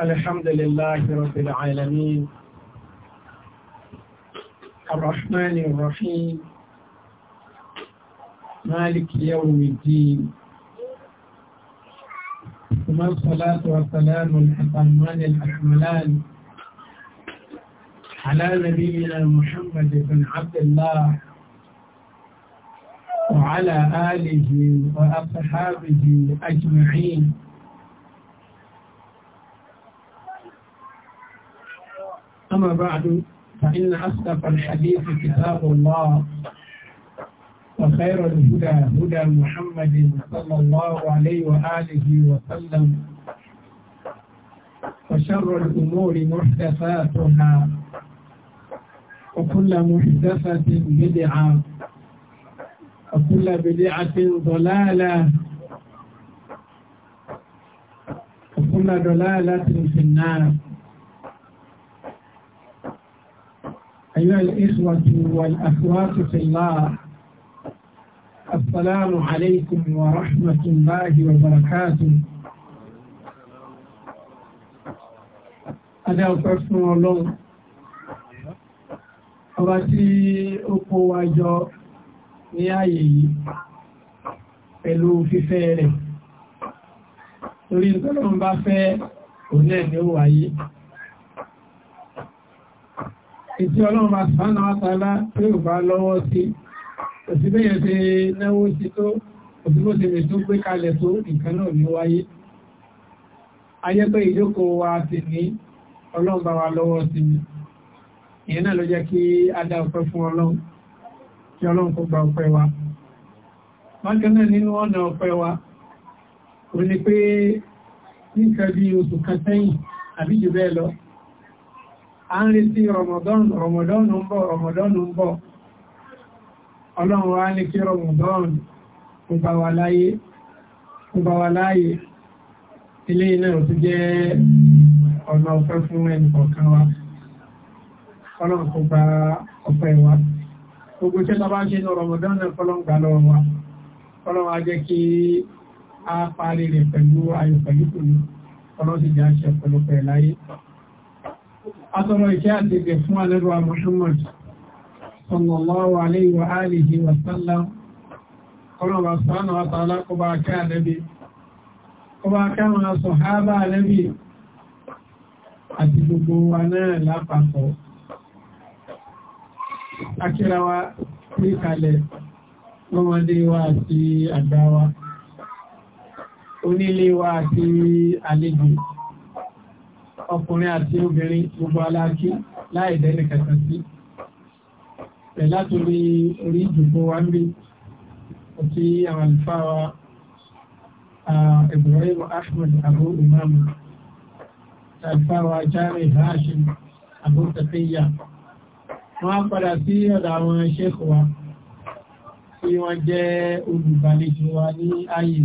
الحمد لله رب العالمين الرحمن الرحيم مالك يوم الدين ثم الصلاة والسلام الأتمان الأكملان على نبينا محمد بن عبد الله وعلى آله وأصحابه أجمعين أما بعد فإن أصدق الحديث كتاب الله وخير الهدى هدى محمد صلى الله عليه وآله وسلم وشر الأمور محدثاتها وكل محدثة بدعة وكل بدعة ضلالة وكل ضلالة في النار أيها الإخوة والأخوات في الله السلام عليكم ورحمة الله وبركاته Adé ọ̀pẹ́ fún Ọlọ́run. Ọba tí ó kó wa jọ ní ààyè yìí pẹ̀lú fífẹ́ rẹ̀. Torí ìtọ́lọ́run bá fẹ́ òun náà ní ó wáyé ìtí ọlọ́run bá sánà àtàlá tí ò bá lọ́wọ́ sí òsìbẹ́yẹ̀ ti náwó sí tó òsìbọ́sẹ̀rẹ̀ tó gbé kalẹ̀ tó nǹkan náà ní wáyé ayẹ́pẹ́ ìjókòó wa ti ní ọlọ́run bá wa lọ́wọ́ sí mi ìyẹn náà ló jẹ́ a dá ọpẹ́ fún ọlọ́run kí ọlọ́run kó gba ọpẹ́ wa bákan náà nínú ọ̀nà ọpẹ́ wa ò ní pé nǹkan bí oṣù kan sẹ́yìn lọ a ń rí sí Ramadan Ramadan ń bọ̀ Ramadan ń bọ̀ ọlọ́run wá ní kí Ramadan kó bá wa láyé kó bá wa láyé ilé iná ò ti jẹ́ ọ̀nà ọ̀fẹ́ fún ẹnì kọ̀ọ̀kan wa ọlọ́run kó bá ọ̀fẹ́ wa gbogbo tí lọ bá ń ṣe ní Ramadan náà fọ́lọ́n gbà lọ́wọ́ wa fọ́lọ́n wa jẹ́ kí a parí rẹ̀ pẹ̀lú ayọ̀ pẹ̀lú pẹ̀lú fọ́lọ́n sì jẹ́ àṣẹ pẹ̀lú pẹ̀láyé Àtọrọ ìkẹ́ àtẹ̀gẹ̀ fún alẹ́rọ̀wà Muhammad, sallallahu alayhi wa alihi wa sallam, ọlọ́wà sánà àtàlá kó bá ká àlẹ́bí, kó bá ká wọn sọ ha bá àlẹ́bí àti gbogbo wa náà lápapọ̀. Akírawa ní kalẹ̀ si wa àti onílé ọkùnrin àti obìnrin gbogbo aláàkí láì dẹ́nì kẹta sí pẹ̀lá torí orí ìjòkó wa ń bí àti àwọn àlùfáà wa Ibrahim Ahmed Abu Imam àlùfáà wa Jami Hashim Abu Tafiya wọ́n á padà sí ọ̀dọ̀ àwọn ṣẹ́kọ̀ wa tí wọ́n jẹ́ olùgbàlejò wa ní ayé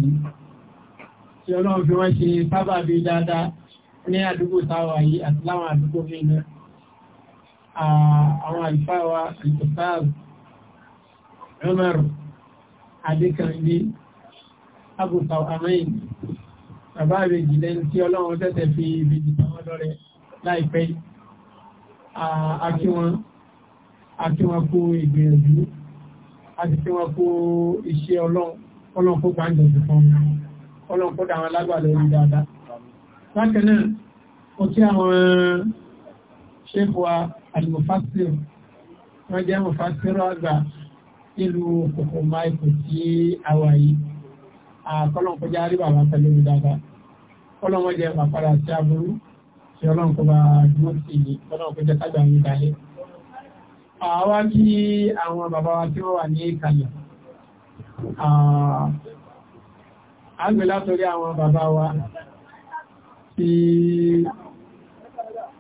tí ọlọ́run fi wọ́n ṣe sábàbí dáadáa ní àdúgbò táwà yìí àti láwọn àdúgbò mìíràn àwọn àlùfáàwà alìkòsáàrù Umar adékanlé abùsàw amain bàbá rẹ̀ jìlẹ̀ tí ọlọ́run tẹ́tẹ̀ fi ibi ìtàwọn lọ́rẹ̀ láìpẹ́ àti wọn kó ìgbìyànjú àti tí wọn kó iṣẹ́ ọlọ́run kó gbàǹdọ̀ sí fún ọlọ́run kó dáwọn lágbà lórí dáadáa Bákanáà, ó tí àwọn ṣéfùwa alìmọ̀fásírò, wọ́n jẹ́ mọ̀fásírò àgbà ìlú kòkò máìkò tí a wà yìí. Àkọ́lọ̀ kọjá rí bàbá pẹ̀lú dáadáa. Kọ́lọ̀ wọ́n jẹ́ pàpàdà sí aburú tí ọlọ́run kó bá dúró sí ìlú, ọlọ́run kó jẹ́ kágbà yìí dáyé. Àgbẹ̀ látorí àwọn bàbá wa tí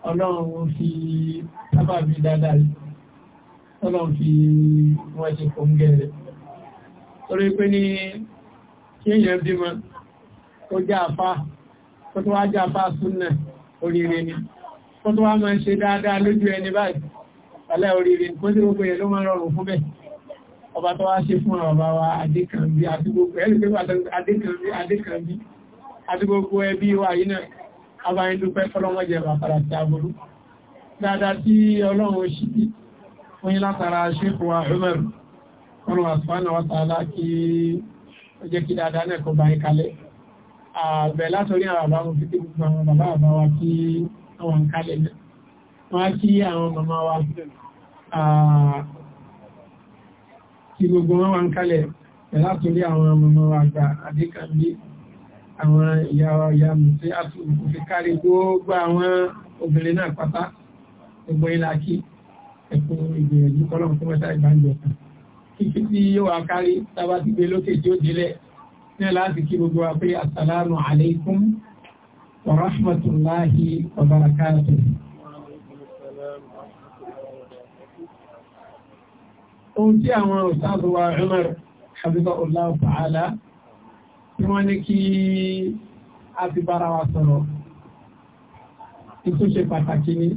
ọlọ́run fi tábà bí dáadáa rí ọlọ́run fi wọ́n ṣe kò ń gẹ̀rẹ̀ torí pé ní kí èyàn bí mọ́ ó já àfá ó tó wá já àfá súnnà oríire ni ó tó wá máa ń ṣe dáadáa lójú ẹni báyìí alẹ́ oríire kó sí gbogbo yẹn ló máa rọrùn fún bẹ́ẹ̀ ọba tó wá ṣe fún ọba wa adékànbí àti gbogbo ẹbí wa yìí náà abáyédúpẹ́ fọ́lọ́wọ́ jẹ bàbára ti agbóró dáadáa tí ọlọ́run òṣìṣẹ́ fún yí látara ṣékùwà Umar wọn wà sùpánà wọ́ta aláàkí ó jẹ́ kí dáadáa náà kó báyìí kalẹ̀ àbẹ̀ látorí àwọn bàbá wọn fífí gbogbo àwọn bàbá bàbá wa kí àwọn kalẹ̀ náà wọ́n kí àwọn màmá wa àwọn ìyá ìyá mi tí a tún fi kárí gbogbo àwọn obìnrin náà pátá gbogbo ilá kí ẹ̀kọ́ ìgbìyànjú kọ́lọ̀ tó mẹ́ta ìgbàǹjọ kan kíkí tí yóò wá kárí tábà ti gbé lókè tí ó délẹ̀ náà láti kí gbogbo wa ohun tí àwọn òṣàzọwà Umar habibullah ta'ala tí wọ́n ní kí a ti bára wa sọ̀rọ̀ ìtúnṣe pàtàkì ni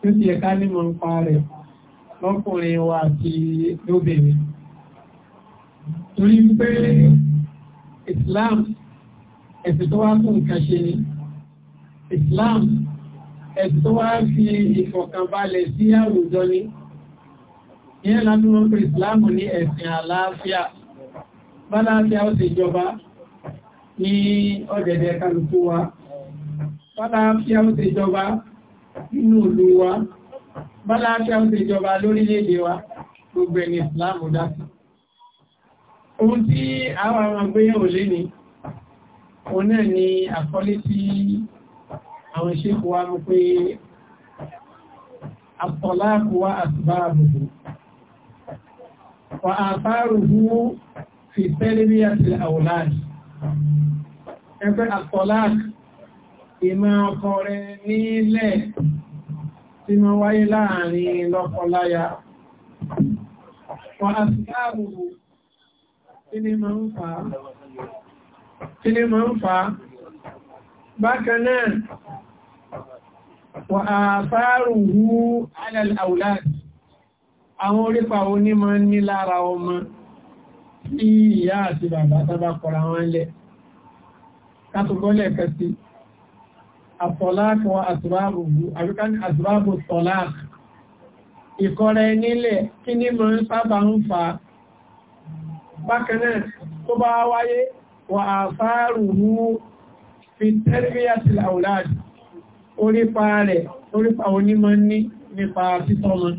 tó sì ẹ̀ká nímọ̀ ń pa rẹ̀ lọ́kùnrin wa àti lóbìnrin torí pé Islam ẹ̀sìn tó wá fún nǹkan ṣe ni Islam ẹ̀sìn tó wá fi ìfọ̀kànbalẹ̀ sí àwùjọ ni ìyẹn lábí wọn pé Islam ní ẹ̀sìn àlàáfíà bá láàáfíà ó sì jọba ní ọ̀dẹ̀dẹ̀ kálukú wa bọ́lá fi àwọn ìjọba nínú ìlú wa bọ́lá fi àwọn ìjọba lórílẹ̀-èdè wa gbogbo ẹni ìsìláàmù dásì ohun tí àwọn àwọn agbéyàwó lé ní òun náà ni àkọlé tí àwọn ìṣẹ́kù wa mú pé àtọ̀láàkù wa àtìbáàbùkù wa àfáàrùhú fi ẹgbẹ́ àtọ́lák ìmọ̀ ọkọ̀rẹ́ nílẹ̀ tí ma wáyé láàrin lọ́kọláya wọ́n àtìkáàrù kí ni ma ń fa bákan náà wọ́n àfáàrù hú alàláwùláàdì àwọn orípa onímọ̀ ní lára ọmọ tí ìyá àti bàbá tábà kọ̀ra wọn lẹ̀ kátùgbọ́lẹ̀ kẹsí àtọ̀láàkì wọn àtìbáàbò àríká ní àtìbáàbò tọ̀láàkì ìkọrẹ nílẹ̀ kí ní mọ̀ ń sábà ń fa bákanáà tó bá wáyé wà àfáàrùhú fi tẹ́rẹ́bíyàtì àwòláàdì orípa rẹ̀ orípa onímọ̀ ní nípa títọ́mọ̀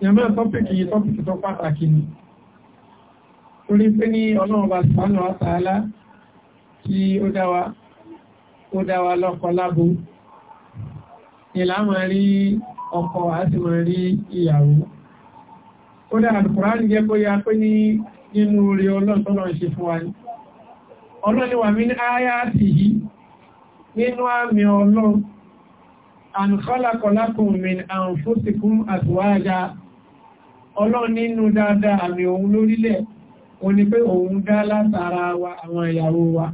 ìyàmọ́ tọ́pìkì tọ́pìkì tó pàtàkì ni orí pé ní ọlọ́run bá sánú àtàlá tí ó dáwà ó dáwà lọ́kọ lábo ìlà mọ̀ rí ọkọ àti mọ̀ rí ìyàwó ó dá Al-Kùránì jẹ́ kó ya pé ní nínú orí ọlọ́ntọ́lọ́ ṣe fún wa ní ọlọ́niwà ní áyáàtì anfusikum azwaja ọlọ́run nínú dáadáa àmì o ní pé òun dá látara wa àwọn ìyàwó wa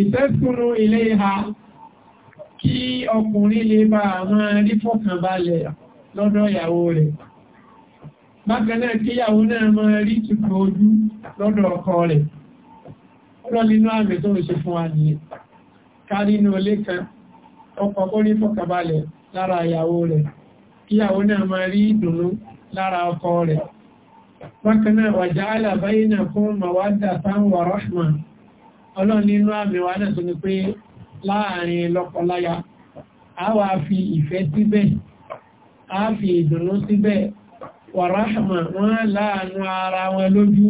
ìfẹ́sùnú ilé ha kí ọkùnrin lè bá àwọn rí fọ́kànbalẹ̀ lọ́dọ̀ ìyàwó rẹ̀ bákanáà kí ìyàwó náà máa rí tukọ̀ ojú lọ́dọ̀ ọkọ rẹ̀ lọ́línú àmì kí ìyàwó náà máa rí ìdùnnú lára ọkọ rẹ̀ bákanáà wà ja'ala bainakum mawaddatan wa rahma ọlọ́run nínú àmì wa náà tó ní pé láàrin lọ́kọláya a wà fi ìfẹ́ síbẹ̀ a fi ìdùnnú síbẹ̀ wa rahma wọ́n láàánú ara wọn lójú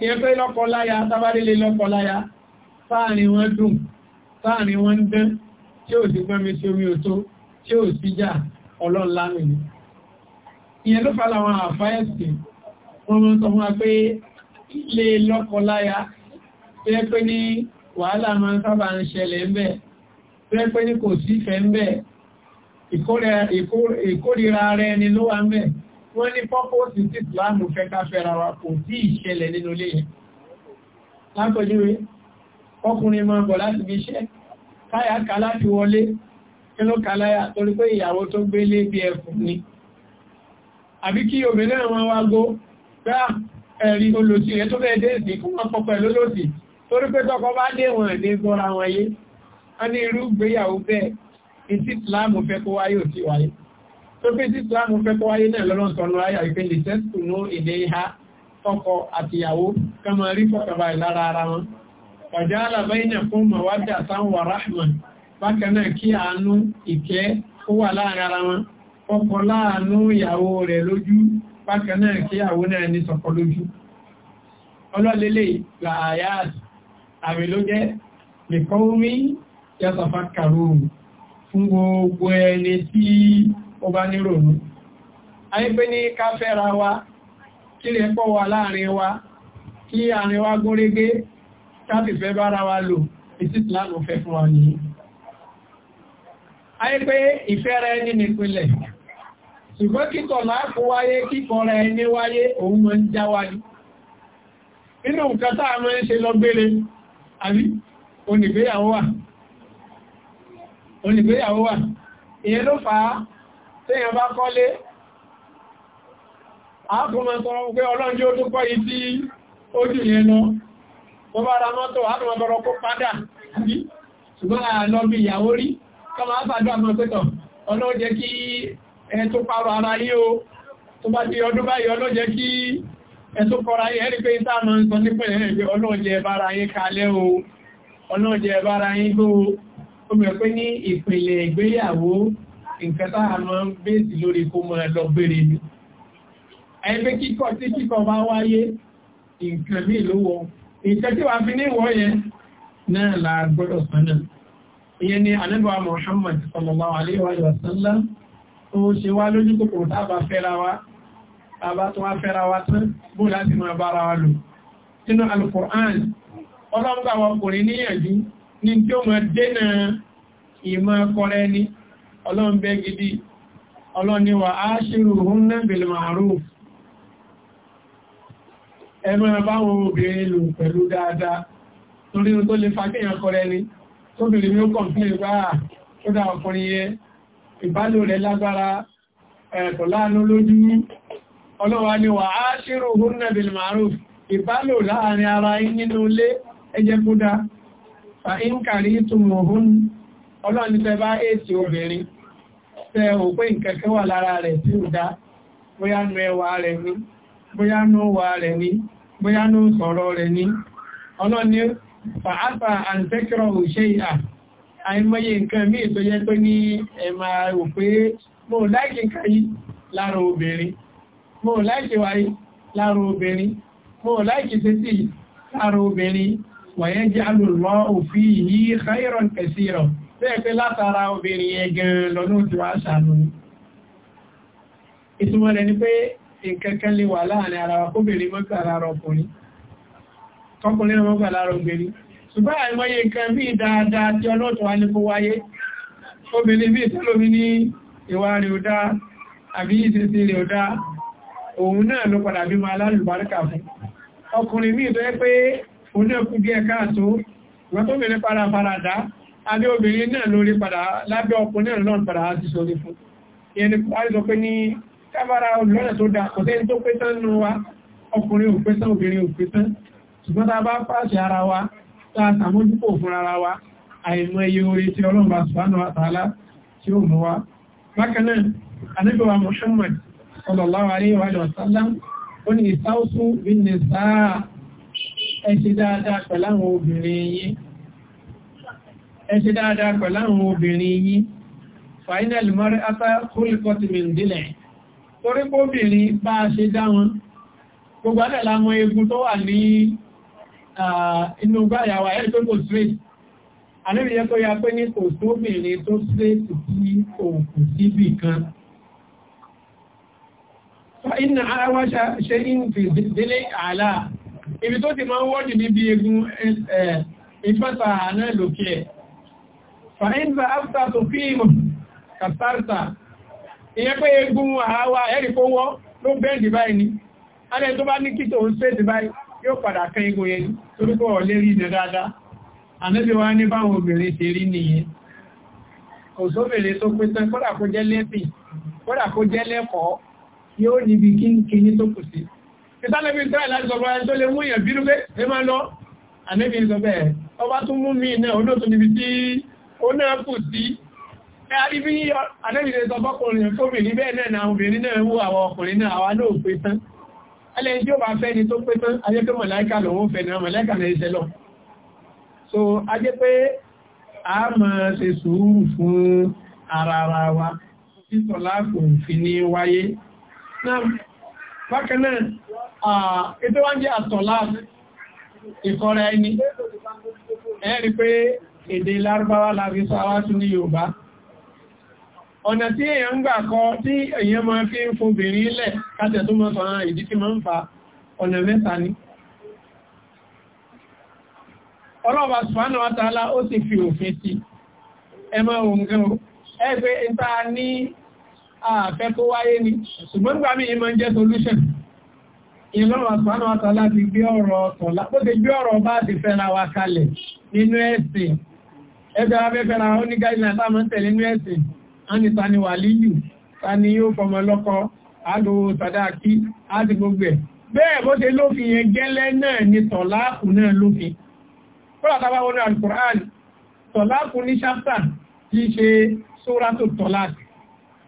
ìyẹn pé lọ́kọ láya tábádélé lọ́kọ láya sáàrin wọn dùn sáàrin wọn dán tí ó sì gbọ́nmi sí omi òtó tí ó sì já ọlọ́nlámi ni ìyẹn ló fàlà àwọn àfáẹ́sì wa pé ilé lọ́kọ láya pé pé ní wàhálà máa ń sábà ń ṣẹlẹ̀ ń bẹ̀ pé ni ló wà ń bẹ̀ wọ́n ní pọ́pọ́sì tí ìsìláàmù fẹ́ ká fẹ́ra wa kò tí ìṣẹ̀lẹ̀ nínú ilé yẹn lápẹjúwé ọkùnrin máa bọ̀ láti fi iṣẹ́ káyà ká láti wọlé inú kàláyà torí pé ìyàwó tó gbé lé bí ẹkùn ni àbí kí obìnrin àwọn wágó gbá ẹ̀rí olóòtí rẹ̀ tó bẹ́ẹ̀ dé sí fún ọkọ̀ pẹ̀lú olóòtí torí pé tọkọ bá dé wọn ní gbọ́ra wọn yé a ní irú gbéyàwó bẹ́ẹ̀ ìtìtìláàmù fẹ́ kó wáyé òtí wáyé tó pé tí islam fẹ́ tó wáyé náà lọ́rọ̀ sọ̀nà ayà ìpé lè tẹ́sù ní èdè ha ọkọ àtìyàwó kama rí fọ́kàbà lára ara wọn pàjáàlà bẹ́yìnà fún mawadda sanwa rahman bákanáà kí àánú ìkẹ́ ó wà láàrin ara wọn ọkọ láàánú ìyàwó rẹ̀ lójú bákanáà kí àwó náà ní sọ̀kọ ó bá ní rònú ayé pé ní ká fẹ́ra wa kí lè pọ̀ wà láàrin wa kí àrin wa gúnrégé káfífẹ́ bára wa lò ìsìsìláàmù fẹ́ fún wa ní ayé pé ìfẹ́ra ẹni nípínlẹ̀ ṣùgbọ́n kíkọ̀ láàpù wáyé kíkọ̀ọ́ra ẹni wáyé òun mọ́ ń já wáyé inú nǹkan onígbéyàwó wà ìyẹn ló fàá téèyàn bá kọ́lé ápùmọ̀ sọ̀rọ̀ pé ọlọ́njí ó tún kọ́ ìdí ojú yẹn lọ tó bá ra mọ́tò ápùmọ̀ sọ̀rọ̀ kó padà bí ṣùgbọ́n àlọ́ bí ìyàwó rí kọmọ àpàdọ́ àmọ́ pẹ́tọ̀ ọlọ́jẹ́ kí ẹ tó parọ ara yí o tó bá di ọdún báyìí ọlọ́jẹ́ nǹkan táà máa ń bèèsì lórí kó mọ́ ẹlọ gbére ní ẹgbẹ́ kíkọ́ tí kíkọ́ bá wáyé nǹkan ní ìlówó nǹkan tí wà fi ní ìwọ́ yẹn náà la gbọ́dọ̀ sánà ìyẹn ni Muhammad sallallahu alaihi wa sallam ó ṣe wá lójú kòkòrò tábà fẹ́ra wa tábà tó wá fẹ́ra wa tán bó láti máa bára wa ìmọ̀ kọrẹ ni ọlọ́run bẹ́ gidi ọlọ́run ni wà áṣírù hún náà bil ma'ruf ẹgbẹ́ báwọn obìnrin lò pẹ̀lú dáadáa torí tó lè fàkíyàn kọrẹ ni tó bèèrè ní ó kọ̀m̀pín ìgbáà tó dá ọkùnrin yẹ ìbálò rẹ̀ lágbára ẹ̀kọ̀ láàánú lójú ọlọ́wà ni wà áṣírù hún náà bil ma'ruf ìbálò láàrin ara nínú ilé ẹjẹ́ kúdá fa in kàrí ìtumọ̀ hún ọlọ́run ni tẹ èsì obìnrin tẹ òpé nkẹ́kẹ́ wà lára rẹ̀ tí ó dá bóyá nú ẹwà rẹ̀ ní bóyá nú wà rẹ̀ ní bóyá nú sọ̀rọ̀ rẹ̀ ní ọlọ́ni fàáfà àǹtẹ́kẹ̀rọ̀ òṣè à àìmọye nǹkan míì tó yẹ pé ní ẹ̀mà òfin yìí khairan kẹsìrọ̀ Bẹ́ẹ̀pẹ́ látara obìnrin yẹn gan lọ́nà òjú àṣàánú. Ìtumọ̀ rẹ̀ ni pé ìkẹ́kẹ́ lè wà láàrin ara wa kóbìnrin mọ́gbà lára ọkùnrin. Tọkùnrin mọ́gbà lára obìnrin. Ṣùgbọ́n àìmọye nǹkan bí dáadáa tí ọlọ́tọ̀ wá ní kó wáyé. Obìnrin bí ìtẹ́lómi ní ìwà rẹ̀ ò dáa, àbí ìṣesí rẹ̀ ò dáa. Òun náà ló padà bí adé obìnrin náà lórí padà lábẹ́ ọkùnrin náà lọ́n padà ti sọ ní fún ìyẹn ni wáyé sọ pé ní kábára olùlọ́nà tó dá kò tẹ́yìn tó pé tán nù wa ọkùnrin ò pé tán obìnrin ò pé tán ṣùgbọ́n tá bá pàṣẹ ara wa tá fún ara wa àìmọ̀ iye orí tí ọlọ́mà sùfánà Muhammad sallallahu alaihi wa sallam ó ní ìsáwọ́sù bí nìsáà ẹ ṣe ẹ ṣe dáadáa pẹ̀lú àwọn obìnrin yìí final mọ́rí afẹ́ kúlùkọ́tìmìn dílẹ̀ torí kóbìnrin bá a ṣe dá wọn gbogbo alẹ́ lámọ egun tó wà ní inú gbáyàwó ẹ̀ tó kò straight àníbìyẹ tó ya pé ní kò sóbìnrin tó straight sí òkú síbì kan inna awa in fi délé àlà ibi tó ti máa ń wọ́dì ìfẹ́ta náà lókè ẹ̀ fàíńsà áfta tó fíìmù kàtàrtà ìyẹ́ pé egun àwà ẹ̀rì kó wọ́ ló bẹ́ẹ̀dì báyìí ni alẹ́ tó bá ní kí tó ń sẹ́ẹ̀dì báyìí yóò padà kẹ́ egun yẹn torúkọ ọ̀lẹ́rí ìdẹ dáadáa ànẹ́bí wá ní báwọn obìnrin ti rí nìyẹn kò sóbìnrin tó pé tán kódà kó jẹ́ lẹ́pì kódà kó jẹ́ lẹ́kọ̀ọ́ yóò níbi kíní tó kù sí ìtàlẹ́bí tó àìláti sọ̀rọ̀ ẹni onáàkù tí ẹ̀rí bí adẹ́bìnrin sọ bọ́kùnrin fóbìnrin bẹ́ẹ̀ náà na obìnrin náà wú àwọn ọkùnrin náà àwọn náà pé tán ẹlẹ́ tí ó bá fẹ́ ni tó pé tán ajẹ́ pé mọ̀láíkà lòun fẹ́ náà mọ̀láíkà náà iṣẹ́ lọ so ajẹ́ pé a máa ṣe sùúrù fún ara ara wa títọ̀ láàkùn fi ní wáyé bákan náà ètò wá ń jẹ́ àtọ̀lá ìkọrẹ ẹni pé èdè lárúbáwá láfi sáwá sí ní Yorùbá ọ̀nà tí èyàn ń gbà kọ tí èyàn máa fi ń fobìnrin ilẹ̀ kájẹ̀ tó mọ́ sọ̀rọ̀ ìdí tí máa ń fa ọ̀nà mẹ́ta ni ọlọ́ọ̀bà sùfánà wátàlá ó sì fi òfin sí ẹmọ òǹkan ẹgbẹ́ ìta ní àfẹ́ tó wáyé ni ṣùgbọ́n gbà mí ìmọ̀ jẹ́ solution ìlọ́wà sùfánà wátàlá ti gbé ọ̀rọ̀ ọ̀tọ̀ ẹgbẹ́ afẹ́fẹ́ ra ó ní guideline táàmù tẹ̀lé ní ẹ̀sìn a ní ta ni wàlíyù ta ni yóò fọmọ lọ́kọ àlò sàdáàkí àti gbogbo ẹ̀ bẹ́ẹ̀ bó ṣe lófin ni tọ̀láàkù náà lófin fọ́làtàbá wọnú alukur'an tọ̀láàkù ní ṣáfà tí ṣe sóràtò tọ̀láàkù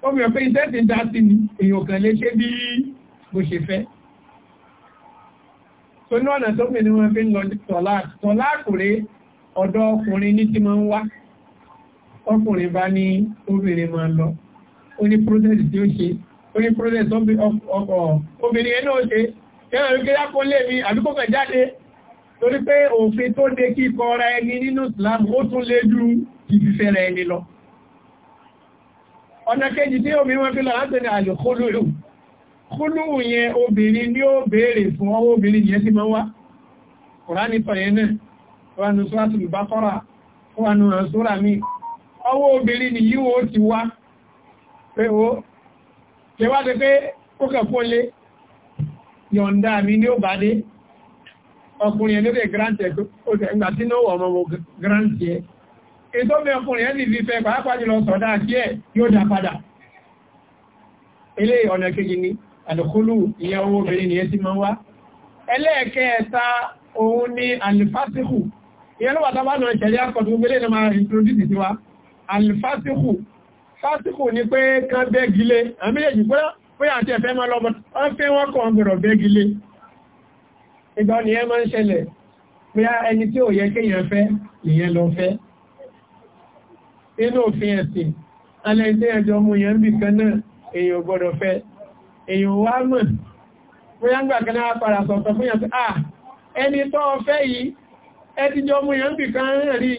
ó mìíràn pé iṣẹ́ ti dá sí ni èèyàn kan lè ṣe bí bó ṣe fẹ́ tó ní ọ̀nà tó mìíràn fi ń lọ tọ̀láàkù rèé ọ̀dọ́ ọkùnrin ní tí ma ń wá ọkùnrin bá ní obìnrin ma lọ ó ní protest tí ó ṣe ó ní protest ọkọ̀ obìnrin ẹ̀nà ó ṣe yẹ́nà ló kéyà kó lè mi àbíkò kẹ̀ jáde torí pé òfin tó de kíkọ ra ẹni nínú Islam ó tún lé ju ìfìfẹ́ ra ẹni lọ ọ̀nà kejì tí omi wọn fi lọ láti ní àlè kólúrù kólúrù yẹn obìnrin ni ó béèrè fún ọwọ́ obìnrin yẹn ti máa wá kùránì sọ yẹn náà wọnú suratul Baqara wọnú sura mi ọwọ́ obìnrin ni yíò ti wá pé ó tẹwàdé pé ó kẹ̀kọ́ lé yọ̀ǹda mi ní ó bá dé ọkùnrin ẹni rẹ̀ grántì ẹgbà tí náà wọ̀ ọmọ grántì ẹ ètò mẹ́ ọkùnrin ni àdùkúlù ìyàwó obìnrin ni ẹ ti máa wá ẹlẹ́ẹ̀kẹta òun ni alifásíkù ìyẹn ló wà tábà náà ṣẹlẹ̀ àkọ̀tù gbélé ní máa introduce sí wa alifásíkù fásíkù ni pé kan bẹ́gilé àmì èjì pé àti ẹ̀fẹ́ máa lọ́bọ̀ wọ́n wọ́n kọ̀ ọgbọ̀rọ̀ bẹ́gilé ìgbà ni ẹ máa ń ṣẹlẹ̀ bóyá ẹni tí ò yẹ kéèyàn fẹ́ ìyẹn lọ fẹ́ inú òfin ẹ̀sìn alẹ́ tí ẹjọ́ mú yẹn bì kan náà èèyàn gbọ́dọ̀ fẹ́ èèyàn wá mọ̀ bóyá ń gbà kan náà padà sọ̀tọ̀ fún ah ẹni tó fẹ́ yìí ẹti jọ mú yẹn bì kan rí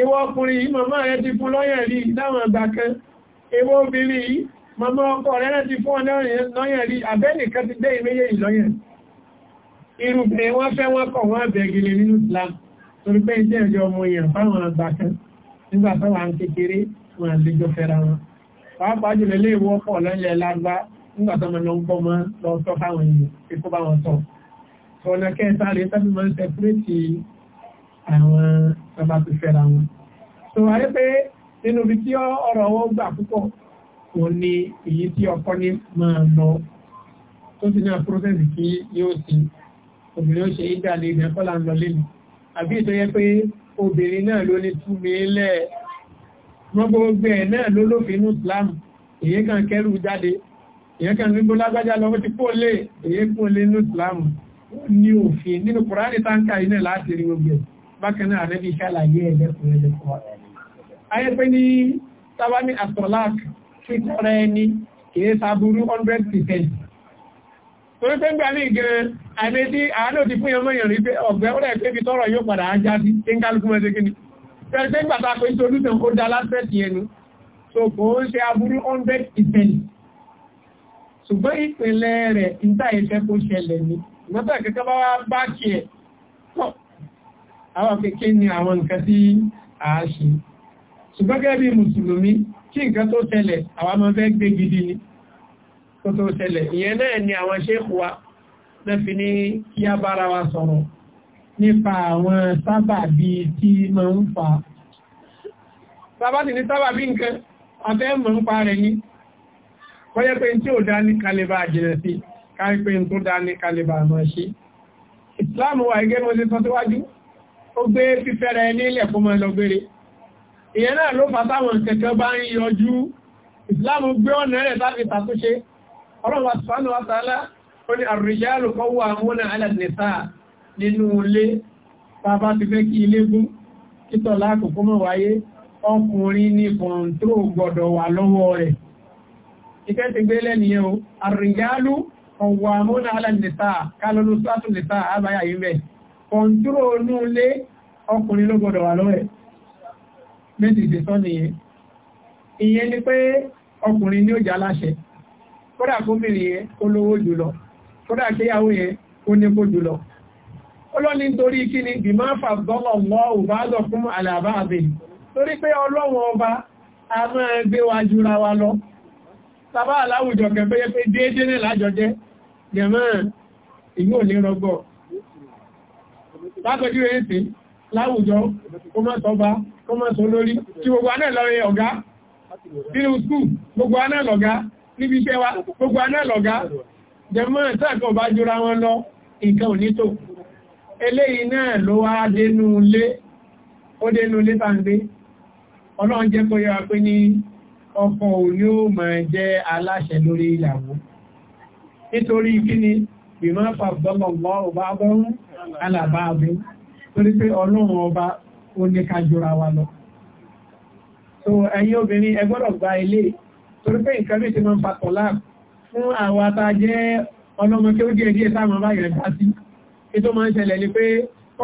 ìwọ ọkùnrin yìí màmá rẹ̀ ti fún lọ́yẹ̀ rí láwọn àgbà kan ìwọ obìnrin yìí màmá ọkọ rẹ̀ ti fún lọ́yẹ̀ rí abẹ́nìkan ti dé ìmẹ́yẹ ìlọ́yẹ̀ irúgbìn wọ́n fẹ́ wọ́n kọ̀ wọ́n bẹ̀gìlẹ̀ nínú Islam torí pé iṣẹ́ ìjọ ọmọ èèyàn fáwọn àgbà kan nígbà táwọn à ń kékeré wọn àlejò fẹ́ra wọn pàápàá jùlọ ilé ìwọ́ pọ̀ lọ́lẹ̀ lágbá nígbà tó máa ń gbọ́ mọ́ lọ sọ fáwọn èèyàn kíkó bá wọn sọ ọ̀nà kẹta rèé tábí máa ń sẹpúrẹ́tì àwọn ọba ti fẹ́ra wọn so ayé pé nínú ibi tí ọ̀rọ̀ wọn gbà púpọ̀ òun ni èyí tí ọkọ ní máa lọ tó ti ní àpúrósẹ́sì tí yóò sí obìnrin ó ṣe ìdàlẹ̀ ìdẹ̀ kọ́lá ń lọ lẹ́nu àbí ìtọ́ yẹ pé obìnrin náà ló ní túnmí lẹ́ wọ́n gbogbo ẹ̀ náà ló lófin ní Islam èyí kan kẹrù jáde èyí kan gbogbo lágbájá lọ ti kó lè èyí kó lè ní Islam ní òfin nínú Kùránì táǹkà iná láti rí gbogbo ẹ̀ bákan náà rẹ̀ bí ṣàlàyé ẹ̀lẹ́kùnrin lẹ́kùn wa ayé pé ní sábà ní astrolac twitter ẹni kìí sábúrú 100% torí pé ń gbà ní ìgẹ̀rẹ̀ àmì tí àánú ti fún ọmọ èèyàn rí pé ọ̀gbẹ́ ó rẹ̀ pé ibi so kò ń ṣe aburú 100% ṣùgbọ́n ìpínlẹ̀ rẹ̀ ń tà ìfẹ́ àwọn kéèké ni àwọn nǹkan tí a ṣe ṣùgbọ́gẹ́ bí mùsùlùmí kí nǹkan tó ṣẹlẹ̀ àwọn ọmọ fẹ́ gbé gidi ni tó tó ṣẹlẹ̀ ìyẹn náà ni àwọn ṣéèkù wa náà fi ní kí a bára wa sọ̀rọ̀ nípa àwọn sábàbí tí máa ń fa sábàbí ní sábàbí nǹkan pa rẹ̀ ní kọ́yẹ́ pé tí ò dá ní kalẹ̀bà jìnà sí kárí pé tó dá ní kalẹ̀bà mọ̀ ṣe ìsìláàmù wà ó gbé fífẹ́rẹ nílẹ̀ fún mọ́ lọ́gbére ìyẹn náà ló fàtàwọn kẹ̀kẹ́ bá ń yọjú ìsìláàmù gbé ọ̀nà rẹ̀ láti tàtúnṣe ọlọ́wà sùfánù wátàálá ó ní àrùjálù kọwọ́ àmúnà alẹ́sẹ̀sá nínú ilé tàbá ti fẹ́ kí ilé gún títọ̀ lákòókò mọ̀ wáyé ọkùnrin ní àbáyà yìí bẹ́ẹ̀ kọ̀ǹtúrò inú ilé ọkùnrin ló gbọdọ̀ wà lọ́rẹ̀ méjì ìdẹ̀sọ́ nìyẹn ìyẹn ni pé ọkùnrin ní ó jà láṣẹ kódà gómìnrin yẹn kó lówó jùlọ kódà kíyàwó yẹn kó nípò jùlọ ọlọ́ni torí kí ni bìmá fàbọ́lọ̀ mọ́ òbáàzọ̀ fún àlàbá àbẹ̀ torí pé ọlọ́wọ̀n ọba a máa gbé wa jura wa lọ tàbá aláwùjọ kẹfẹ́ yẹ pé déédéé ní lájọjẹ́ jẹ̀mọ́ ìgbò ní rọgbọ̀ lápẹjú èsì láwùjọ kó mọ́ sọba kó mọ́ sọ lórí kí gbogbo aná lọ́rẹ ọ̀gá nínú skúù gbogbo aná lọ́gá níbi iṣẹ́ wa gbogbo aná lọ́gá jẹmọ́ ìtàkọ̀ bá jura wọn lọ nǹkan ò nítò eléyìí náà ló wá dénú ilé ó dénú ilé tàǹdé ọlọ́run jẹ́ kó yẹra pé ọba bọ́rún alàbá abẹ́ torí pé ọlọ́run ọba ó ní ká jura wa lọ so ẹ̀yin obìnrin ẹ gbọ́dọ̀ gba ilé torí pé nǹkan bí ti máa ń fa tọ̀lá fún àwọn ata jẹ́ ọlọ́mọ kí ó díẹ̀ díẹ̀ sáàmù bá yẹn dá sí ètò máa ń ṣẹlẹ̀ ni pé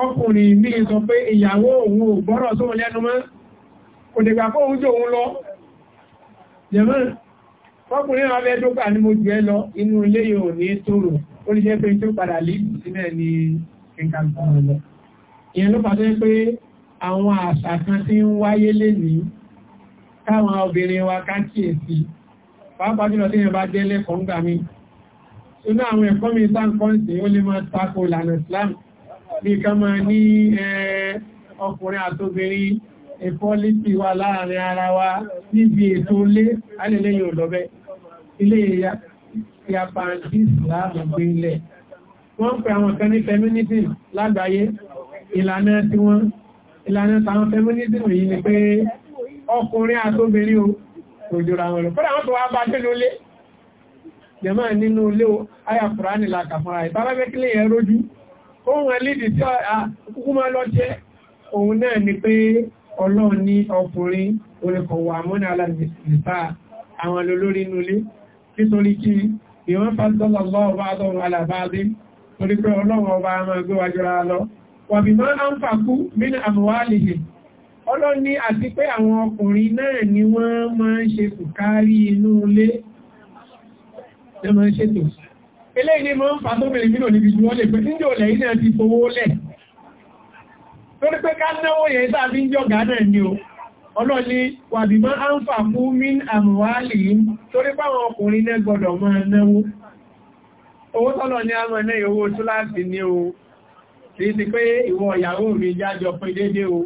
ọkùnrin ní sọ pé ìyàwó òun ò gbọ́rọ̀ tó lẹ́nu mọ́ kò dìgbà kó oúnjẹ òun lọ jẹ̀mọ́ ọkùnrin ọlẹ́ tó kà ní mo jù ẹ lọ inú ilé yóò ní tòrò ó ní jẹ́ pé tó padà lè kí n ká lùkọ́ wọn lọ. ìyẹn ló fàtọ́ pé àwọn àṣà kan tí ń wáyé lénìí káwọn obìnrin wa ká kíyèsí pàápàá jùlọ tí yẹn bá jẹ́ lẹ́kọ̀ọ́ ń gbà mí inú àwọn ẹ̀kọ́ mi sáǹkọ́ǹsì ó lè máa tako ìlànà Islam bí ká máa ní ọkùnrin àtobìnrin ìfọ́lítì wà láàrin ara wa níbi ètò ilé alẹ́lẹ́yìn òdọ́bẹ́ wọ́n ń pè àwọn kan ní feminism lágbàáyé ìlànà tí wọ́n ìlànà tàwọn feminism yìí ni pé ọkùnrin àtóbìnrin o òjòrò àwọn ọ̀rọ̀ fọ́nà wọ́n tó wá bá nínú ilé jẹ́mọ́ nínú ilé o àyà Kùránì làkà fúnra ìbábẹ́kílẹ̀ yẹn rójú ohun ẹlẹ́dì tí kúkú máa lọ jẹ́ òun náà ni pé Ọlọ́run ní ọkùnrin olùkọ̀wà mọ́nà alàmìsà àwọn olórí inú ilé nítorí kí ìwọ́n fásitọ́lọ́gbọ́ ọba àtọ́run alàbáadé torí pé ọlọ́run ọba a máa gbé wa jọra lọ wàbí máa ń fàkú mínú àmúwálìhì ọlọ́run ní àti pé àwọn ọkùnrin náà ni wọ́n máa ń ṣe kùkárí inú ilé ní máa ń ṣètò eléyìí ni máa ń fà tóbìnrin mínú níbi jù wọ́n lè pé níjẹ́ òlẹ̀ ni o ọlọ́ni wàbí máa ń fàkú mínú àmúwálìhì torí pé àwọn ọkùnrin náà gbọ́dọ̀ máa náwó owó tọ́lọ̀ ní àmọ́ ní owó tó láti ní o tí ti pé ìwọ ìyàwó mi jájọ pé dédé o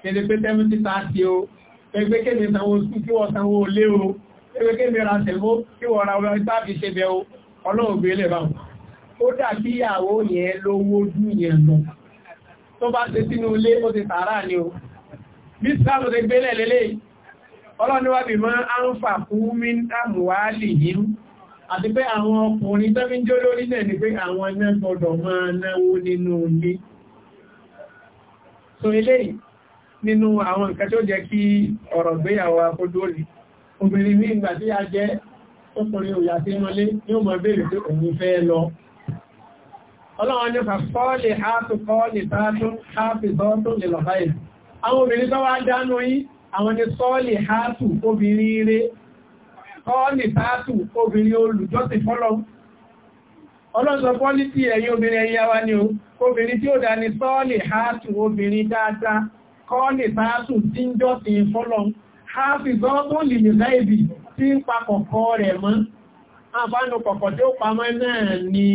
kéde pé tẹ́mítí tààtì o ẹgbẹ́ kéde sanwó sùn kí wọ́n sanwó lé o ẹgbẹ́ kéde ra tẹ̀mó kí wọ́n ra ọlọ́rin tàbí ṣe bẹ o ọlọ́ọ̀gbé lè bá ó dà àti pé àwọn ọkùnrin tẹ́bí ń jó lórí náà ni pé àwọn ẹ̀nà gbọdọ̀ máa náwó nínú ilé so eléyìí nínú àwọn nǹkan tó jẹ́ kí ọ̀rọ̀ gbéyàwó akódóòlì obìnrin ní ìgbà tí a jẹ́ ọkùnrin òyà sí mọ́lé ní ó mọ̀ bèèrè pé òun fẹ́ lọ kọ́ọ̀nì sáàtù obìnrin olùjọ́sìn fọ́lọ́ ọlọ́sọ pọ́lítì ẹ̀yìn obìnrin ẹ̀yà wa ni o obìnrin tí ó dá ní sọ́ọ̀lì háàtù obìnrin dáadáa kọ́ọ̀nì sáàtù tí ń jọ́sìn fọ́lọ́ háàfì gọ́ọ̀tún lè ní láìbì tí ń pa kọ̀kọ́ rẹ̀ mọ́ àbánu kọ̀kọ̀ tí ó pamọ́ náà ní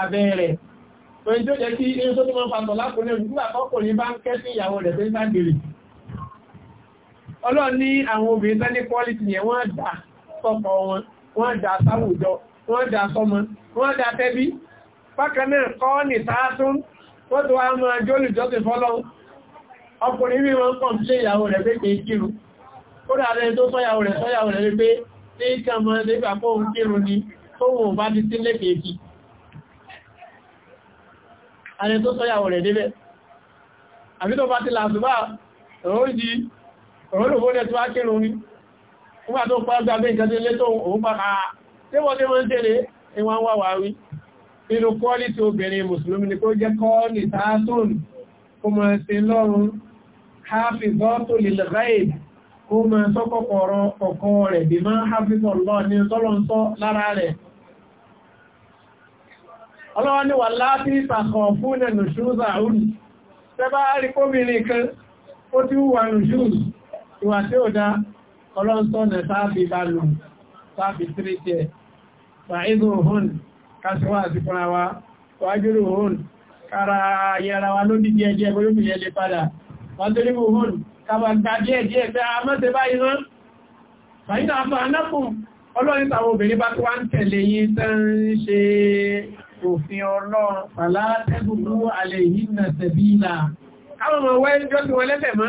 abẹ́ rẹ̀ pẹ̀lú tó jẹ́ kí irú tó tó máa pàtọ̀ lákùnrin nígbà tọ́kùnrin bá ń kẹ́ sí ìyàwó rẹ̀ tó ń sáàgbèrè ọlọ́ ní àwọn obìnrin tán ní pọ́lítì yẹn wọ́n dáa sọ́kọ wọn wọ́n dá sáwùjọ wọ́n dá sọmọ wọ́n dá tẹ́bí bákanáà kọ́ ní sáátún wọ́n tó wá máa jólùjọ́ ti fọ́lọ́ ọkùnrin bí wọ́n kàn sí ìyàwó rẹ̀ pé kìí kírun ó dà rẹ̀ tó sọ́yàwó rẹ̀ sọ́yàwó rẹ̀ pé ní ìkà mọ́ nígbà kó ń kírun ni tó wọ́n bá ti sí lẹ́kẹ̀ẹ́kì àrẹ tó sọ́yàwó rẹ̀ débẹ̀ àbí tó bá ti làṣùbà òun jí òun lòfó nígbà tó pẹ́ gbàgbé nǹkan tí létò òun bá ha tí wọ́n tí wọ́n tẹ́lẹ̀ ìwọ̀n wà wà rí inú kọ́ọ̀lì tí obìnrin mùsùlùmí ni kó jẹ́ kọ́ọ̀lì tààtùn kó mọ̀ sí lọ́run hafizọ́tò lil-ghaib kó mọ̀ sọ́kọ̀kọ̀rọ̀ ọ̀kọ́ rẹ̀ bí máa ìwà tí ó dáa ọlọ́ntọ́nà sáàbì bá lò sáàbì tírítẹ̀ ṣàìdò hún kásíwá àti fúnra wa wájúrò hún kára yẹra wa ló dìdí ẹjẹ́ olóbìnrin lè padà wájúrò hún kàbà gbà díẹ̀ díẹ̀ pé a mọ́sẹ̀ báyìí rán ṣàìdà àfà anákùn ọlọ́rin tàwọn obìnrin bá tó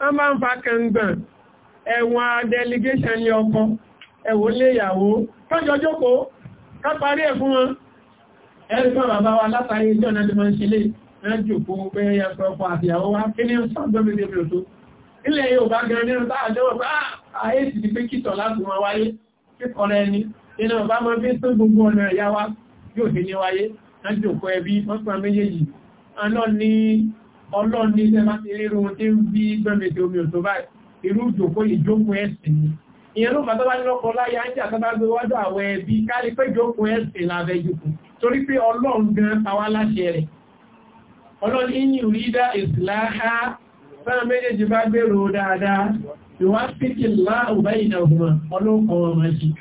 wọ́n bá ń fa kẹngbọ̀n ẹ̀wọ̀n delegation lé ọkọ ẹ̀wọ̀n lé ìyàwó tọ́jọ jókòó ká parí ẹ̀ fún wọn ẹ̀rí fún bàbá wa látàrí ìjọ náà ti máa ń ṣe lè náà jókòó pé ẹ̀yà pẹ̀ọ̀pọ̀ àfihàwó wa kí ah, ní sàgbẹ́mẹ́dẹ́bẹ̀ọ́tó ilẹ̀ yóò bá gan nínú táàjọ́ pé ààyè sì ti pé kìtọ̀ láti wọn wáyé kíkọrẹ ọlọ́run ní ilẹ̀ máa ti rírun tí ń bí gbẹ́mẹ̀tẹ̀ omi òtò báyìí irú ìjòkó ìjókòó ẹ̀sìn ni ìyẹn ló bàtọ́ bá ní lọ́kọ láyá ń jà tọ́bá gbé wájú àwọn ẹbí kárí pé ìjókòó ẹ̀sìn lábẹ́ ìjókòó torí pé ọlọ́run gan pa wá láṣẹ rẹ̀ ọlọ́run ní ìrù ìdá ìsìláhá fẹ́ràn méjèèjì bá gbèrò dáadáa ìwá pìkì láàrùn báyìí náà ọ̀gbọ̀n ọlọ́kan ọmọ ẹ̀sìn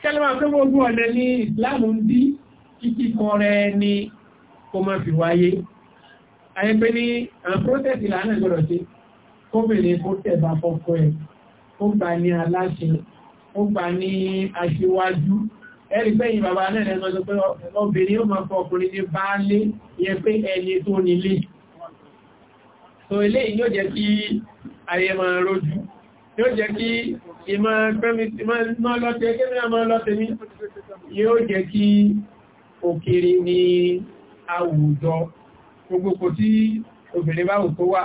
kẹ́lẹ́mà pé gbogbo ọ̀nà ní ìsìláàmù ń dí kíkíkọ rẹ̀ ni kó má fi wáyé àyẹ́pẹ́ ní àpótẹ́sì lánà gbọ́dọ̀ sí kóbìnrin kó tẹ̀bà fọ́kọ́ ẹ̀ ó gbà ní aláṣẹ ó gbà ní aṣíwájú ẹ̀rí pẹ́yìn bàbá náà lẹ́sọ́sọ́ pé obìnrin ó máa fọkùnrin so ilé yóò jẹ́ kí ayé máa rójú yóò jẹ́ kí ìmọ̀ lọ́tẹ̀ kí mọ́ lọ́tẹ̀ àwùjọ gbogbo kò tí obìnrin bá wù kó wà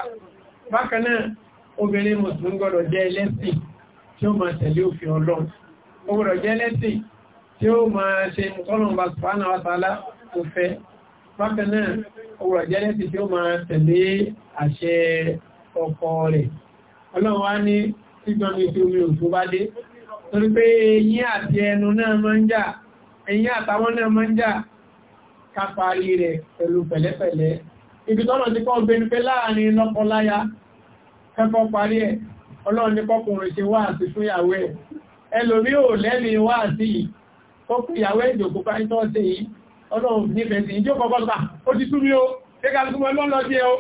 bákan náà obìnrin mùsùlùmí gbọ́dọ̀ jẹ́ ẹlẹ́sìn tí ó máa tẹ̀lé òfin ọlọ́run ó gbọ́dọ̀ jẹ́ ẹlẹ́sìn tí ó máa ṣe ìtọ́lọ̀mbà sùpánà wátàlá tó fẹ́ bákan náà ó gbọ́dọ̀ jẹ́ ẹlẹ́sìn ọlọ́run bá dé torí pé rẹ̀ pẹ̀lú pẹ̀lẹ́pẹ̀lẹ́ ibi tọ́lọ̀ ti kọ́ gbé ní pé láàrin lọ́kọláya kẹ́kọ́ parí ẹ̀ ọlọ́run ní kọkùnrin ṣe wá àti fún ìyàwó ẹ̀ ẹlòmí ò lẹ́ni wá àti kọkù ìyàwó ìjòkó pàítọ́ sí yìí ọlọ́run nífẹ̀ẹ́ sí ìjọ kọ́kọ́ tó bá ó ti tú mi ó kéka tó mọ́ lọ́lọ́ sí ẹ ó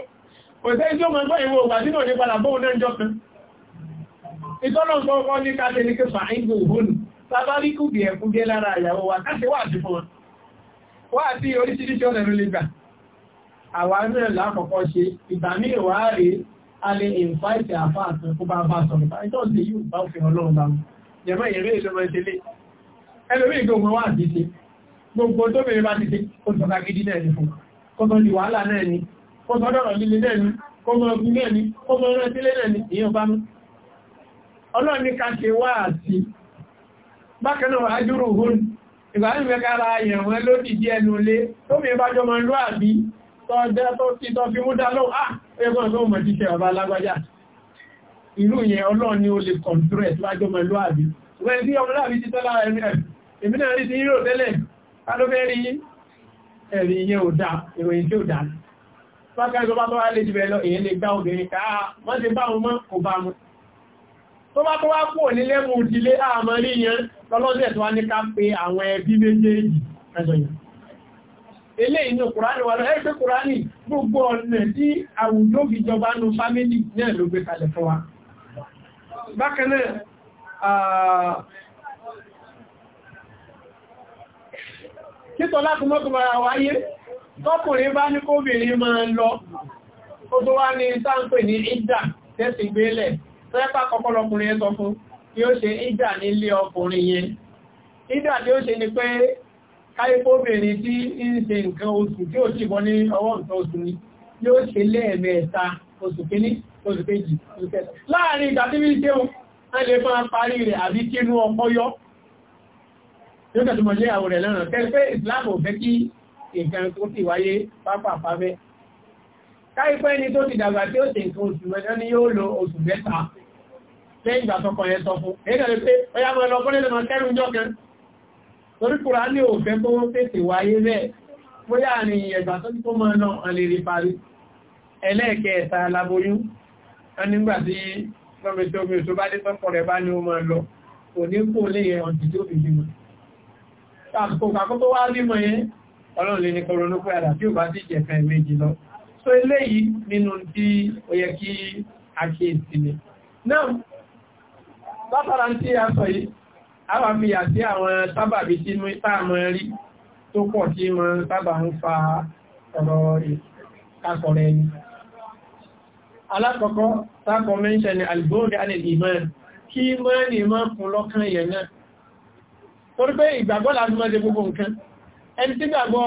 kò sẹ́ ìjọ mọ́ ẹgbẹ́ ìwò ògbà nínú ní padà bóun náà jọ kan ìtọ́lọ̀ kọ́kọ́ ní ká tẹ́lẹ̀ kẹfà ìgbò òhun sábárí kùbì ẹ̀kú gẹ́ lára ìyàwó wa káṣe wà àti fún wọn wà àti oríṣiríṣi ọ̀nà ìrìnlẹ̀ gbà àwa náà lákọ̀ọ́kọ́ ṣe ìgbà míì wá rè a lè ìnfàìtì àfá àti kó bá bá sọ̀rọ̀ bá ìtọ́ sí yóò bá òfin ọlọ́run bá jẹ̀mọ́ ìrè ìlọ́mọ ìṣẹ̀lẹ̀ ẹlòmí ìgbòmọ̀ wà ti ṣe gbogbo tó bèèrè bá ti ṣe kó sọ̀tà gidi náà ní fún kó sọ di wàhálà náà ní kó sọ dọ̀rọ̀ líle náà ní kó mọ ọgbìn náà ní kó mọ ọrọ̀ sílẹ̀ náà ní ìyẹn bá mú ọlọ́run ní ká ṣe wá àti bákan náà ajúrò hún ìgbà tọ́jẹ́ tó kí tọ́ fi mú dá lọ́wọ́ ah ẹgbọ́n tó mọ̀ jíṣẹ́ ọba alágbájá ìlú yẹn ọlọ́run ni ó lè kọ̀ntúrẹ̀ lájọ́ mẹ́lú àbí wọ́n tí ọmọ láàbí ti tọ́lá ẹ̀mí náà rí sí yíò tẹ́lẹ̀ alóbẹ́rí ẹ̀rí yẹn ò dá ìròyìn tí ó dá pákàtọ́ bá tó wá lè jù bẹ́ẹ̀ lọ èyàn lè gbá obìnrin káà má ti bá ọmọ kò bá mú tó bá tó wá kú ò ní lẹ́mù ìdílé àmọ́ rí yẹn lọ́lọ́sẹ̀ tó wá ní ká pé àwọn ẹbí méjèèjì ẹ̀sọ̀ yẹn ilé inú kùránì wà lọ kùránì gbogbo ọ̀nà tí àwùjọ fi jọba nù fámílì náà ló gbé kalẹ̀ fún wa títọ́ láti wáyé tọ́kùnrin bá ní kóbìnrin ń lọ ó tó wá ní sáńpẹ̀ ní tẹ́sì gbélẹ̀ tẹ́pà fún ṣe ni pé káyíkóbìnrin tí ń ṣe nǹkan oṣù tí ó ṣìbọn ní ọwọ́ nǹkan oṣù ni yóò ṣe lẹ́ẹ̀mẹ́ta oṣù kíní oṣù kejì oṣù kẹta láàrin ìgbà tí wíṣẹ́ o a lè máa parí rẹ̀ àbí kínú ọkọ yọ yóò tẹ̀tù mọ̀lé àwọ̀ rẹ̀ lọ́nà tẹ́ pé Islam ò fẹ́ kí nǹkan tó ti wáyé pápá fáfẹ́ káyípẹ́ ni tó ti dàgbà tí ó ṣe nǹkan oṣù mẹ́ta ni yóò lo oṣù mẹ́ta lẹ́yìn ìgbà tọkọ yẹn sọ fún torí Kùránì ò fẹ́ tó wọ́n tètè wáyé bẹ́ẹ̀ bóyá àrin ẹgbà tó tó mọ́ náà a lè rí parí ẹlẹ́ẹ̀kẹta aláboyún wọ́n nígbà tí lọ́mẹtí omi tó bá dé tọ́pọ̀ rẹ̀ bá ní o máa lọ kò ní kó lè yẹ ọ̀tí tó fi bímọ àkókò àkókò wá bímọ yẹn ọlọ́run lè ní koronú pé àdà tí ò bá sì jẹ̀fẹ̀ méjì lọ so eléyìí nínú tí ó yẹ kí a kíyèsí ni náà látara àwà fi yà sí àwọn sábàbí tí táàmù rí tó pọ̀ tí mọ́ sábà ń fa ọ̀rọ̀ ìkàkọ̀rẹ̀ ẹni alákọ̀ọ́kọ́ tákọ̀ mẹ́ṣẹ̀ ni alìbóòdì alìlì ìmọ̀ kí mọ́ ní mọ́ kún lọ́kàn yẹn náà torí pé ìgbàgbọ́ láti mọ́ gbogbo nǹkan ẹni tí gbàgbọ́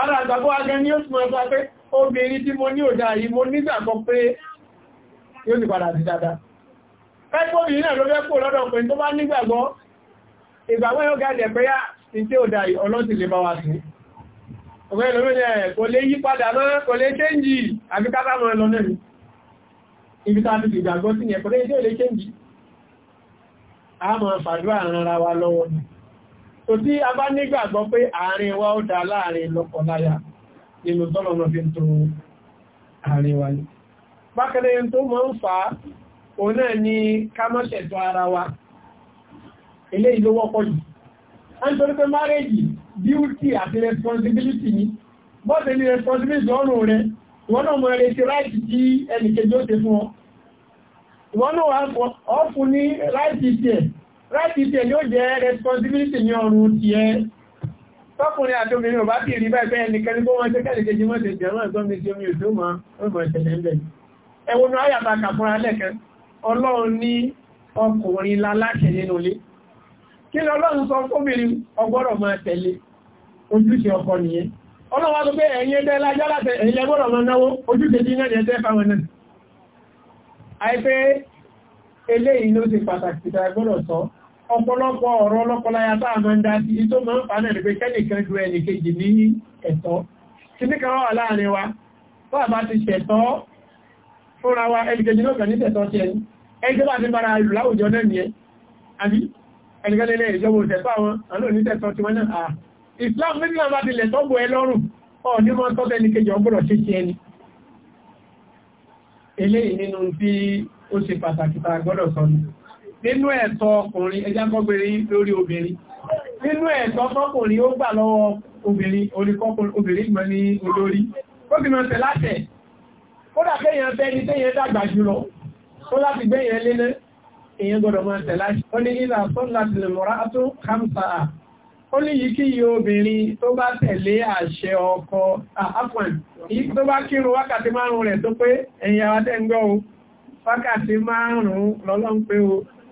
ara àgbàgbọ́ agẹ́ ní oṣù mọ́ ọgbà pé obìnrin tí mo ní òdá yìí mo nígbàgbọ́ pé yóò ní padà sí dáadáa pẹ́kọ́bìnrin náà ló fẹ́kọ́ lọ́dọ̀ pé tó bá nígbàgbọ́ ìgbàgbọ́ yóò gádẹ̀ pé yá ah, tí ó dá ọlọ́tí lè bá wa sí ọgbẹ́ ìlúmílẹ̀ eh, kò lè yí padà mọ́ kò lè ṣéǹjì àbí kápá mọ́ ẹlọ náà ibi tá ti gbàgbọ́ sí ni ẹ̀kọ́ lè ṣéǹjì a mọ̀ fàdúrà ara wa lọ́wọ́ ni tó tí a bá nígbàgbọ́ pé àárín wa ó dá láàrin lọ́kọláya nínú tọ́lọ̀nà fi tó àárín wa ní bákẹ́lẹ́ tó mọ́ ń fa òun náà ni ká má ara wa ilé ìlú wọ́pọ̀ jù ń torí pé márèjì duty àti responsibility ni bọ́ọ̀dẹ̀ ni responsibility ọrùn rẹ̀ ìwọ́n náà mọ̀ rẹ̀ ti ráìtì tí ẹnìkejì ó ti fún ọ láti tẹ̀ ló jẹ́ responsibility ní ọrùn ti ẹ́ tọ́kùnrin àti obìnrin ò bá ti rí bẹ́ẹ̀ ẹnikẹ́ni bó wọ́n tẹ́ kẹ́lẹ̀kẹ́ jí mọ́tẹ̀ jẹ́ wọ́n gbọ́n mi tí omi òṣó ma ọmọ ìṣẹ̀lẹ̀ ńlẹ̀ ẹwọ́n ayàtà kàfúnra lẹ́kẹ́ ọlọ́run ní ọkùnrin láláṣẹ nínú ilé kí ni ọlọ́run sọ fóbìnrin ọgbọ́dọ̀ máa tẹ̀lé ojúṣe ọkọ nìyẹn ọlọ́run wá sọ pé ẹ̀yin ẹgbẹ́ lájọ́ láti ẹ̀yin ẹgbọ́dọ̀ máa náwó ojúṣe tí náà yẹn tẹ́ fáwọn náà àìpé eléyìí ló ti pàtàkì tá a gbọ́dọ̀ sọ ọ̀pọ̀lọpọ̀ ọ̀rọ̀ ọlọ́kọláyà bá àmà ń dá sí tó máa ń fa náà nípe kẹ́nìkan ju ẹnì kejì ní ẹ̀tọ́ kí ní kan wà láàrin wa tó àbá ti ṣẹ̀tọ́ fúnra wa ẹnì kejì náà kàn ní tẹ̀tọ́ sí ẹni ẹni tó bá ti bára ìlú láwùjọ náà nìyẹn àbí ẹnìkan lè ìjọba ẹ nínú ẹ̀tọ́ ọkùnrin ẹjá kọ́gbìnrin lórí obìnrin nínú ẹ̀tọ́ ọkùnrin ó gbà lọ́wọ́ obìnrin obìnrin mọ́ ní olórí obìnrin tẹ̀ látẹ̀ kódà kéèyàn fẹ́ ní téèyàn dàgbà jùlọ tó láti gbẹ̀yàn léná èyàn gbọ́dọ̀ máa tẹ̀ láti ó ní ìlà fún láti lè mọ́ra tó kámsà ó ní yìí kí yìí obìnrin tó bá tẹ̀lé àṣẹ ọkọ àpọ̀n tó bá kírun wákàtí márùn-ún rẹ̀ tó pé ẹ̀yìn àwọn wákàtí márùn-ún lọ́lọ́ ń pé o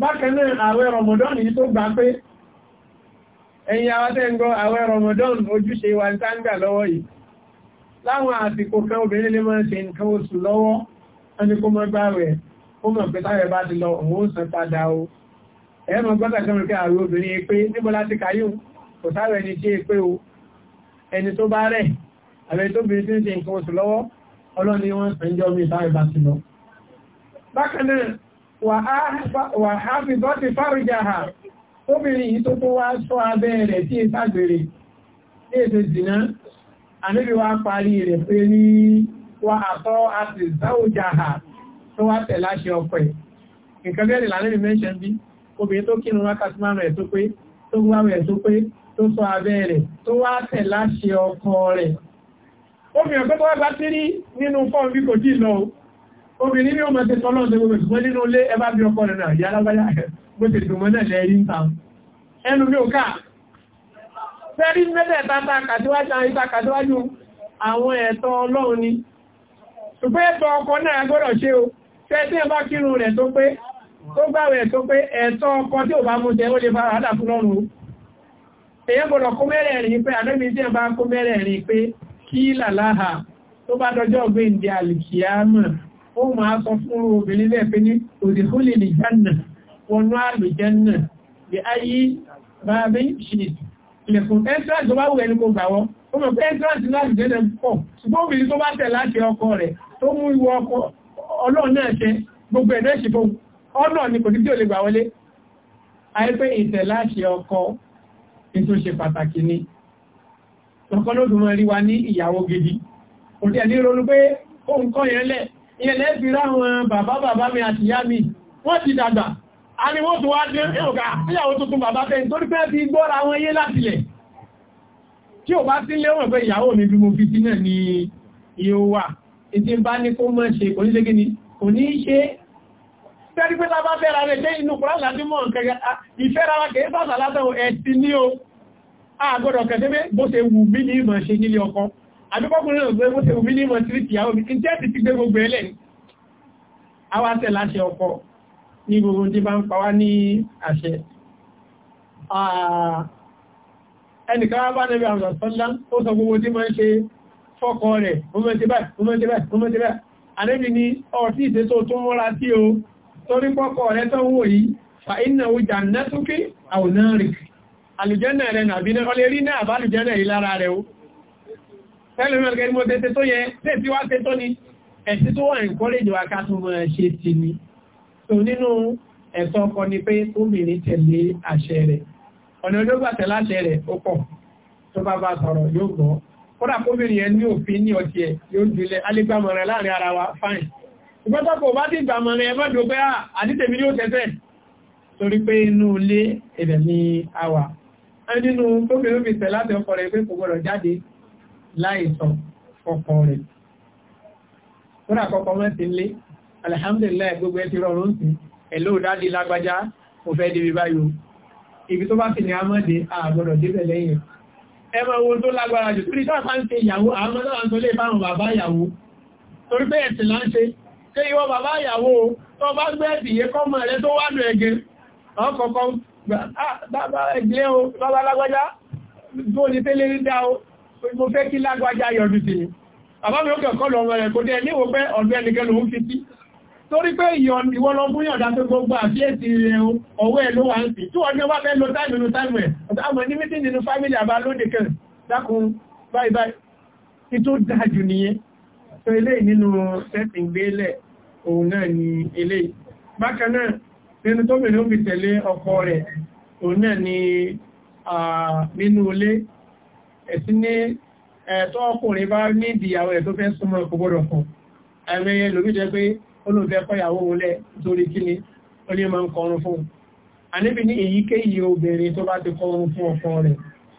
bákanáà àwẹ̀ Ramadan yìí tó gbà pé ẹ̀yin awátẹ́ngọ́ àwẹ̀ Ramadan ojúṣe wa ń táńgà lọ́wọ́ yìí láwọn àsìkò kan obìnrin lè máa ṣe nǹkan oṣù lọ́wọ́ ẹni kó mọ́ gbáwẹ̀ ó mọ̀ pé táwẹ̀ bá ti lọ òun sàn padà o ẹ̀mọ̀ gbọ́dọ̀ kan pé àwẹ̀ obìnrin pé ń ṣe mi táwẹ̀ bá ti lọ bákanáà wà ábí bọ́ ti fárújá ha obìnrin yìí tó tó wá sọ abẹ́ rẹ̀ tí è sàgbèrè tí è ṣe jìnà àníbí wá parí rẹ̀ pé ní wà àtọ́ àti záújá ha tó wá tẹ̀ láṣẹ ọkọ̀ ẹ̀ nǹkan bẹ́ẹ̀ lànàbí mẹ́ṣẹ́n bí obìnrin tó kírun wákàtí márùn ẹ̀ tó pé tó wá rẹ̀ tó pé tó sọ abẹ́ rẹ̀ tó wá tẹ̀ láṣẹ ọkọ̀ rẹ̀ obìnrin tó tó wá bá tírí nínú fọ́ọ̀mù bí kò tí lọ obìnrin ní ọmọdé tọ́lọ́ ọdún gbogbo ìgbọ́n nínú ilé ẹbá bí ọkọ rẹ̀ náà yálá báyá bó ti dùn mọ́nà lẹ́rí ń tàn ẹnu mi ò ká fẹ́rí mẹ́lẹ̀ tata kàtíwájú àyíká kàtíwájú àwọn ẹ̀tọ́ ọlọ́run ni ṣùgbọ́n ẹ̀tọ́ ọkọ náà gbọ́dọ̀ ṣe o tẹ́tí ẹ bá kírun rẹ̀ tó pé tó gbàwẹ̀ tó pé ẹ̀tọ́ ọkọ bá dọjọ́ gbé ìdí àlìkìyàmọ̀ ó máa sọ fún obìnrin lẹ́ẹ̀ pé ní òdìkúlì ní jẹ́nà wọnú àlù jẹ́nà bí ayé entrance tó bá wù ẹni kò gbàwọ́ entrance láti jẹ́nà pọ̀ ṣùgbọ́n obìnrin tó bá tẹ̀ láti ọkọ rẹ̀ tó mú ìwọ ọkọ ọlọ́run náà ṣe gbogbo ẹ̀dọ́ ni kò sí tí ò lè gbà wọlé àìpé ìtẹ̀ láṣẹ ọkọ tó ṣe pàtàkì ni ọkọ lódùmọ̀ rí wa ní ìyàwó gidi kò ẹ̀ ní ronú pé ó ń kọ́ yẹn lẹ́ẹ̀ ilẹ̀ fi ráwọn bàbá bàbá mi àti ìyá mi wọ́n ti dàgbà a ni wọ́n tó wá dé ẹ̀rọ̀ká ìyàwó tuntun bàbá fẹ́ nítorí pé ti gbọ́ra wọn yé látilẹ̀ tí ò bá sí léwọ̀n pé ìyàwó mi bí mo fi sí náà ni iye wà ìdí bá ní kó mọ́ ṣe kò ní ṣe gíní kò ní ṣe fẹ́rí pé lábá fẹ́ra rẹ̀ jẹ́ inú kùrá láti mọ́ kẹgẹ́ ìfẹ́ra wa kẹ́ àdúgbọ́kùnrin náà gbogbo ṣe omi ní mọ̀ sí ìyàwó mi jẹ́ ti ti gbé gbogbo ẹlẹ́ awáṣẹ́ láṣẹ ọkọ ní gbogbo tí bá ń pa wá ní àṣẹ ẹnìkan bá nẹ́bí àwọn ọ̀sánlá ó sọ gbogbo fa iná ojà nẹ́túkí àwòrán rẹ̀ alùjẹ́nà rẹ̀ nàbí náà ọlẹ́rí tẹ́lẹ̀mẹ́lẹ́gẹ́ ni mo tẹ́ tó yẹ tẹ́ tí wa ká tún mọ́ ṣe ti ní so nínú ẹ̀tọ́ ọkọ ni pé obìnrin tẹ̀lé àṣẹ rẹ̀ ọ̀nà olóògbà tẹ̀lé àṣẹ rẹ̀ ó pọ̀ tó bá bá sọ̀rọ̀ yóò gbọ́ kódà kóbìnrin yẹn ní òfin ní ọtí ẹ̀ yóò jùlẹ̀ alégbàmọ̀rẹ̀ láàrin ara wa fine ìgbọ́tọ̀pọ̀ bá ti gbàmọ̀rẹ̀ ẹ mọ́dọ̀ pé àdítẹ̀mí ní ó tẹ́fẹ́ torí pé inú ilé ẹ̀dẹ̀ ní àwà nínú tóbi láìsọ ọkọ rẹ̀. Fúnra kọ́kọ́ mọ́ ti lé, alhamdulillah gbogbo ẹ ti rọrùn sí, ẹ̀lò dáadé lágbájá, mo fẹ́ débi báyò. Ibi tó bá fi ní Amọ́dé, àgbọ̀dọ̀ débẹ̀ lẹ́yìn. Ẹ máa wo tó lágbára jù, torí táà ń ṣe ìyàwó, àmọ́ náà tó lè fáwọn bàbá ìyàwó. Torí pé ẹ̀sìn là ń ṣe, ṣé ìwọ bàbá ìyàwó tó bá gbé ẹ̀sìn yẹ kọ́mọ rẹ tó wà lọ ẹgẹ. Ọkọ̀ọ̀kan, ah, bàbá ẹgbẹ́ o, bàbá lágbájá, tó ní tẹ́lẹ̀ rí dá o, mo fẹ́ kí lágbájá yọjú sí ni bàbá mi ó kẹ́kọ́ lọ ọmọ rẹ̀ kò dé níwò pé ọ̀dọ̀ ẹnìkan lòún fi sí torí pé ìwọ lọ fún yọ̀dá tó gbogbo àfíẹ́sì rẹ̀ ọwọ́ ẹ̀ ló wà ń sí tí wọ́n ní wá fẹ́ lo táìmì nínú táìmì ẹ̀ àmọ́ ní mítí nínú fámílì àbá lóde kan dákun báyìí báyìí tí tó dájú nìyẹn tó eléyìí nínú sẹ́sìn gbélẹ̀ òun náà ni eléyìí bákan náà nínú tó mìíràn fi tẹ̀lé ọkọ rẹ̀ òun náà ni nínú ilé ẹ̀sìn ní ẹ̀tọ́ ọkùnrin bá ní ìdíyàwó ẹ̀ tó fẹ́ súnmọ́ ọkọ̀ fún ẹ̀rẹ́ lórí pé olùfẹ́ kọ́yàwó olẹ́ torí kí ni ó ní máa ń kọrun fún àníbi ní èyíkéyìí obìnrin tó bá ti kọrun fún ọkọ rẹ̀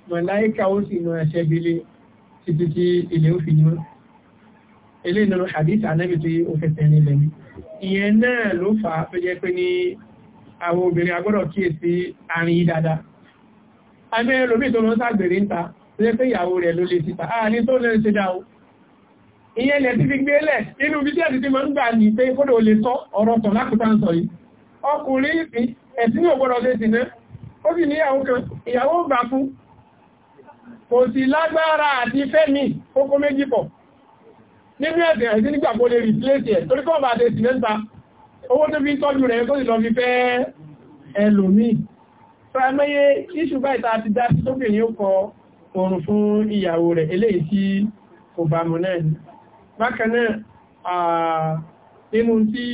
mọ̀láíkà ó sì nà ẹ̀ṣẹ́ bílé títí tí ilé ó fi yún ilé ìnáwó hadith ànábì tí ó fẹsẹ̀ nílẹ̀ ní ìyẹn náà ló fà á tó jẹ́ pé ní àwọn obìnrin agbọ́dọ̀ kíyèsí àárín yìí dáadáa àmì ẹlòmíì tó lọ ságbèrè ń ta jẹ́ pé ìyàwó rẹ̀ ló lè sípa a ah, ní tó lè ṣe dáwó ìyẹn lẹ̀ ti fi gbélẹ̀ inú bí tí àtìtì máa ń gbà ní pé kódò lè sọ ọ̀rọ̀ tàn lákùtà ń sọ yìí ọkùnrin ẹ̀sìn ò gbọ́dọ̀ lè sìnẹ́ ó sì níyàwó kan ìyàwó gbà fún kò sì lágbára àti fẹ́mi kókó méjì pọ̀ nínú ẹ̀sìn ẹ̀sìn nígbà kó lè rìpléṣì ẹ̀ torí kọ́ bá ti sìnẹ́ ta owó tó fi tọ́jú rẹ̀ tó sì lọ fi fẹ́ ẹlòmíì fẹ́mẹ́yẹ ìṣùgbà ìta àti dá sí tókè ní ó kọ oorun fún ìyàwó rẹ̀ eléyìí tí kò bá mu náà ni bákan náà nínú tí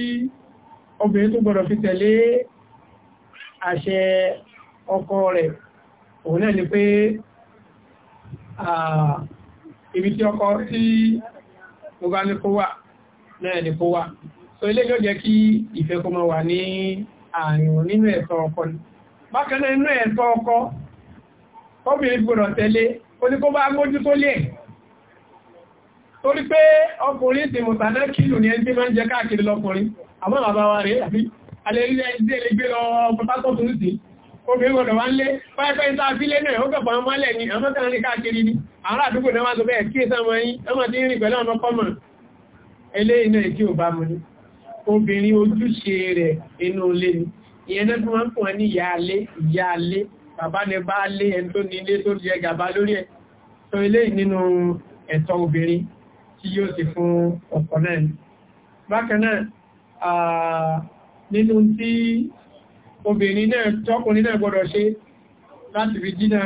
obìnrin tó gbọ́dọ̀ fi tẹ̀lé àṣẹ ọkọ rẹ̀ òun náà ni pé ibi tí ọkọ tí mo bá ní kó wà náà ni kó wà so ilé yóò jẹ́ kí ìfẹ́ kó wà ní ààrin nínú ẹ̀tọ́ ọkọ ni bákan nínú ẹ̀tọ́ ọkọ obìnrin gbọ́dọ̀ tẹ̀lé oníkó bá mójú tó lè torí pé ọkùnrin ti mùsànà kìlù ní ẹni tí máa ń jẹ káàkiri lọkùnrin àmọ́ bàbá wa rẹ̀ àbí alẹ́rílẹ̀ ìdílé gbé lọ pọtátọ́ tó ń sí obìnrin gbọ́dọ̀ wá ń lé pẹ́ẹ́pẹ́ ìta sílé náà ó kẹfà mọ́lẹ̀ ní ni ìyẹn náà ní ìyá alé ìyá alé bàbá ni bá lé ẹni tó ní ilé tó jẹ gàba lórí ẹ̀ tó ilé nínú ẹ̀tọ́ obìnrin tí yóò sì fún ọkọ náà bákan náà nínú tí obìnrin náà tọ́kùnrin náà gbọ́dọ̀ ṣe láti fi jìnà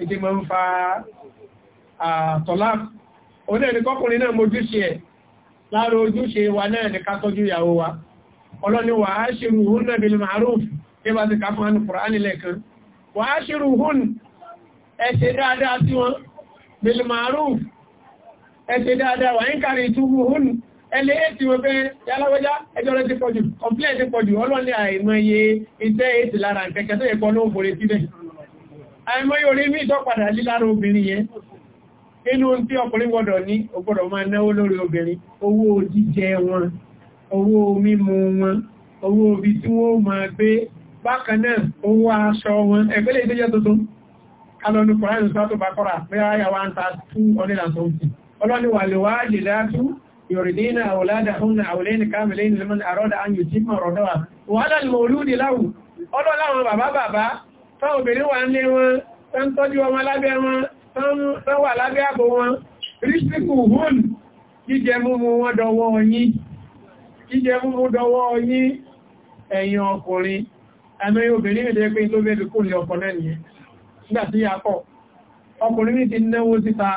èdè mọ́ ń fa tọ́láàpù oní ẹni kọkùnrin náà mojúṣe ẹ̀ láàrọ ojúṣe wa náà ní kátọ́jú ìyàwó wa ọlọ́ni wà á ṣe rú húnnà bil ma'ruf tí bá ti ká fún ànù Kùránì lẹ́kan wà á ṣírù hún ẹ ṣe dáadáa sí wọn bil ma'ruf ẹ ṣe dáadáa wà ń kàrí ìtúgbù hún ẹlẹ́ ètì wọn pé yálọ́wọ́já ẹjọ́ rẹ̀ ti pọ̀jù kọ̀m̀plẹ̀ ti pọ̀jù ọlọ́ni àìmọye iṣẹ́ ètì lára nkẹ́kẹ́ tó yẹ pọ̀ ló ń fòrè síbẹ̀ àìmọye orí ní ìtọ́padà lílára obìnrin yẹn inú tí ọkùnrin gbọ́dọ̀ ní ọgbọ́dọ̀ máa náwó bákan náà owó aṣọ wọn ẹgbẹ́lẹ̀ ìdíjẹ́ tuntun kalọ́nù kọ̀ránù sọ́tò bá kọ́ra mẹ́ráyà 1270 ọlọ́ni wà lè wá lè látú يردين أولادهن أولين كاملين لمن أراد أن يتم رضاها وعلى المولود له ọlọ́ láwọn bàbá bàbá tán obìnrin wà nílé wọn tán tọ́jú ọmọ lábẹ́ wọn tán wà lábẹ́ àbò wọn ríṣíkù hún ẹ̀mẹ́ obìnrin ilẹ̀ pé tó bẹ́ẹ̀ kó lè ọkọ̀ náà nìyẹn nígbàtí ya kọ́ ọkùnrin ní ti náwó síta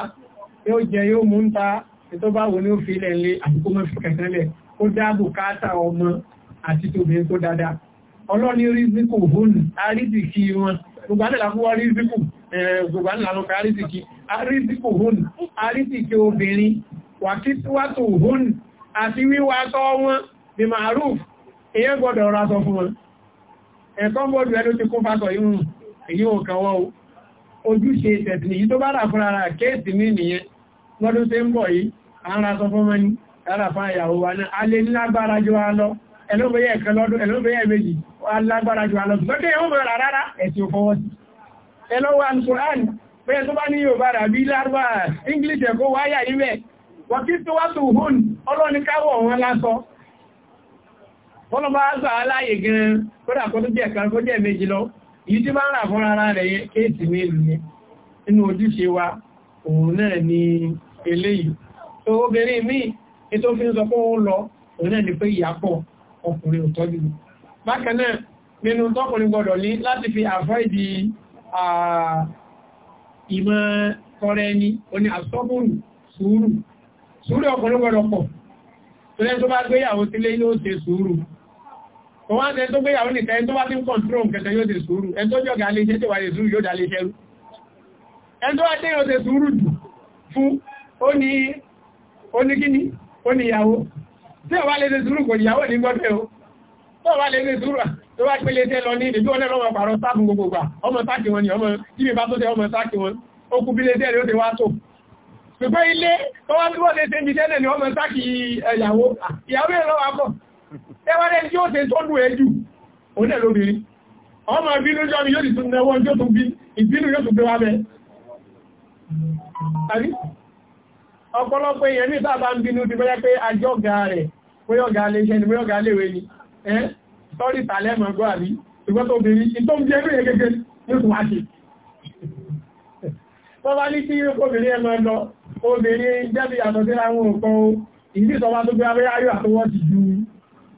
yóò jẹ yóò mú ń ta ètò bá wo ní ó fi ilẹ̀ ilé àti kó mọ́ fi kẹ̀kẹ́lẹ̀ ó dáàbò káàtà ọmọ àti tóbìnrin tó dáadáa ọlọ́ni rízíkù hún àrízìkì wọn gbogbo àdìlà fún wa rízíkù gbogbo àdìlà lọ́kọ̀ àrízìkì àrízìkù hún àrízìkì obìnrin wàkítíwátò hún àti wíwá sọ wọn bí màrúf èyẹ gbọ́dọ̀ ra sọ fún wọn ẹ̀kọ́ bọ́ọ̀dù ẹ̀ ló ti kún fásọ yíò èyí ò kàwọ́ ojúṣe tẹ̀sì nìyí tó bá rà fún ara kéèsì mí nìyẹn lọ́dún tí ń bọ̀ yìí a ń ra sọ fún mẹ́ni ara fún àyàwó wa náà a lè lágbára jù wa lọ ẹlọ́bẹ̀yẹ ẹ̀kan lọ́dún ẹlọ́bẹ̀yẹ méjì wa lágbára jù wa lọ lọ́dún yóò english ẹ̀kọ́ wáyà ibẹ̀ wọ́n kí tó wá tó hún ọlọ́ni wọ́n bá gbà aláyè gan kódà kó tó jẹ́ kan kó jẹ́ méjì lọ yìí tí bá ń rà fún ara rẹ̀ kéèsì mélòó ni inú ojúṣe wa òun náà ni eléyìí tó obìnrin míì ètò fi ń sọ fún òun lọ òun ni pé ìyàpọ̀ ọkùnrin ò tọ́jú bákan náà nínú tọ́kùnrin gbọ́dọ̀ ní láti fi pọ̀ tó lẹ́ tó bá gbéyàwó sílé ní ó ṣe sùúrù kò wá tẹ́ tó gbéyàwó nìkan ẹni tó bá ti ń kọ̀ntró kẹta yóò tẹ sùúrù ẹni tó jọ́gà alẹ́ iṣẹ́ tó wà lè sùúrù yóò dà lè ṣẹ́rú ẹni tó wá tẹ́ yóò tẹ sùúrù jù fún oníkíní oníyàwó tí ó wá lè tẹ sùúrù kò ìyàwó ní gbọ́dẹ̀ o tó wá lè tẹ sùúrù tó wá pẹ́lẹ́ tẹ́ lọ ní ìdí tó wọ́n lọ́wọ́ pàrọ̀ sáàbù gbogbogbà ọmọ sáàkì wọn ni ọmọ jíbi bá tó tẹ ọmọ sáàkì wọn ó kú bílé tẹ́ ló tẹ wá tó ṣùgbọ́n ilé tó wá tí wọ́n lè tẹ́ mi tẹ́lẹ̀ ni ọmọ sáàkì ẹwàrẹ́ tí ó ṣe tó lù ẹjù oní ẹ̀lóbìnrin ọmọ ìbínú jọ ni yóò ti tún nẹwọ́ yóò tún bí ìbínú yóò tún gbé wá bẹ́ ọ̀pọ̀lọpọ̀ èèyàn ní sábà ń bínú ti bẹ́yẹ́ pé ajọ́gà rẹ̀ bóyọ́gà léṣẹ́ ni bóyọ́gà léwé ni ẹ́ sọ́rí tàlẹ́mọ̀ gbọ́ àbí ṣùgbọ́n tó bèèrè tó ń jẹ́ ẹgbẹ́ gẹ́gẹ́ ní oṣù wáṣe tó bá ní tí obìnrin ẹmọ lọ obìnrin jẹ́bi àtọ̀síra wọn kan ìdí ìsọba tó gbé abẹ́yà yóò àtọwọ́ ti ju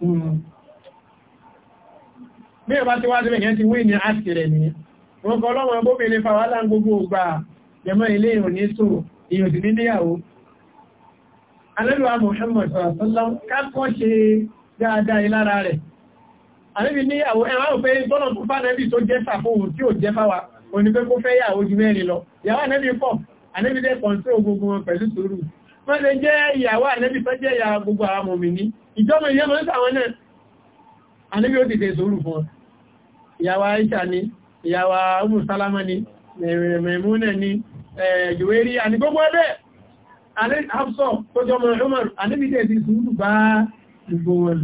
Hmm. bí ẹ̀bá ti wá sí ẹ̀yẹn ti wí ní àṣìrẹ̀ ní wọn kọ lọ́wọ́ ẹgbóbìnrin fàwálà gbogbo ògbà jẹmọ́ ilé ìròní sọ ìyòdì níléyàwó alẹ́lúwà Muhammad sọ̀rọ̀sọ́lọ́ kápọ́ ṣe dáadáa ilára rẹ̀ alẹ́bí ní àwọn ẹ̀rọ òfin tọ́nà tó bá nẹ́bí tó jẹ́ fàfóhùn tí ò jẹ́ fáwa onígbé kó fẹ́ yàwó ju mẹ́rin lọ yàwó anẹ́bí pọ̀ anẹ́bí dẹ́ kọ̀ǹtó gbogbo wọn pẹ̀lú sùúrù wọ́n lè jẹ́ ìyàwó ànẹ́bì tó jẹ́ ìyà gbogbo àwọn mọ̀mí ní ìjọmọ̀ ilé mọ́ sáwọn náà ànẹ́bì ó tètè sórù fún wọn ìyàwó Aisha ni ìyàwó Umu Salama ni Maimuna ni Juweri àni gbogbo ẹbẹ́ Hafsa tó jọmọ Umar ànẹ́bì tètè sórù bá gbogbo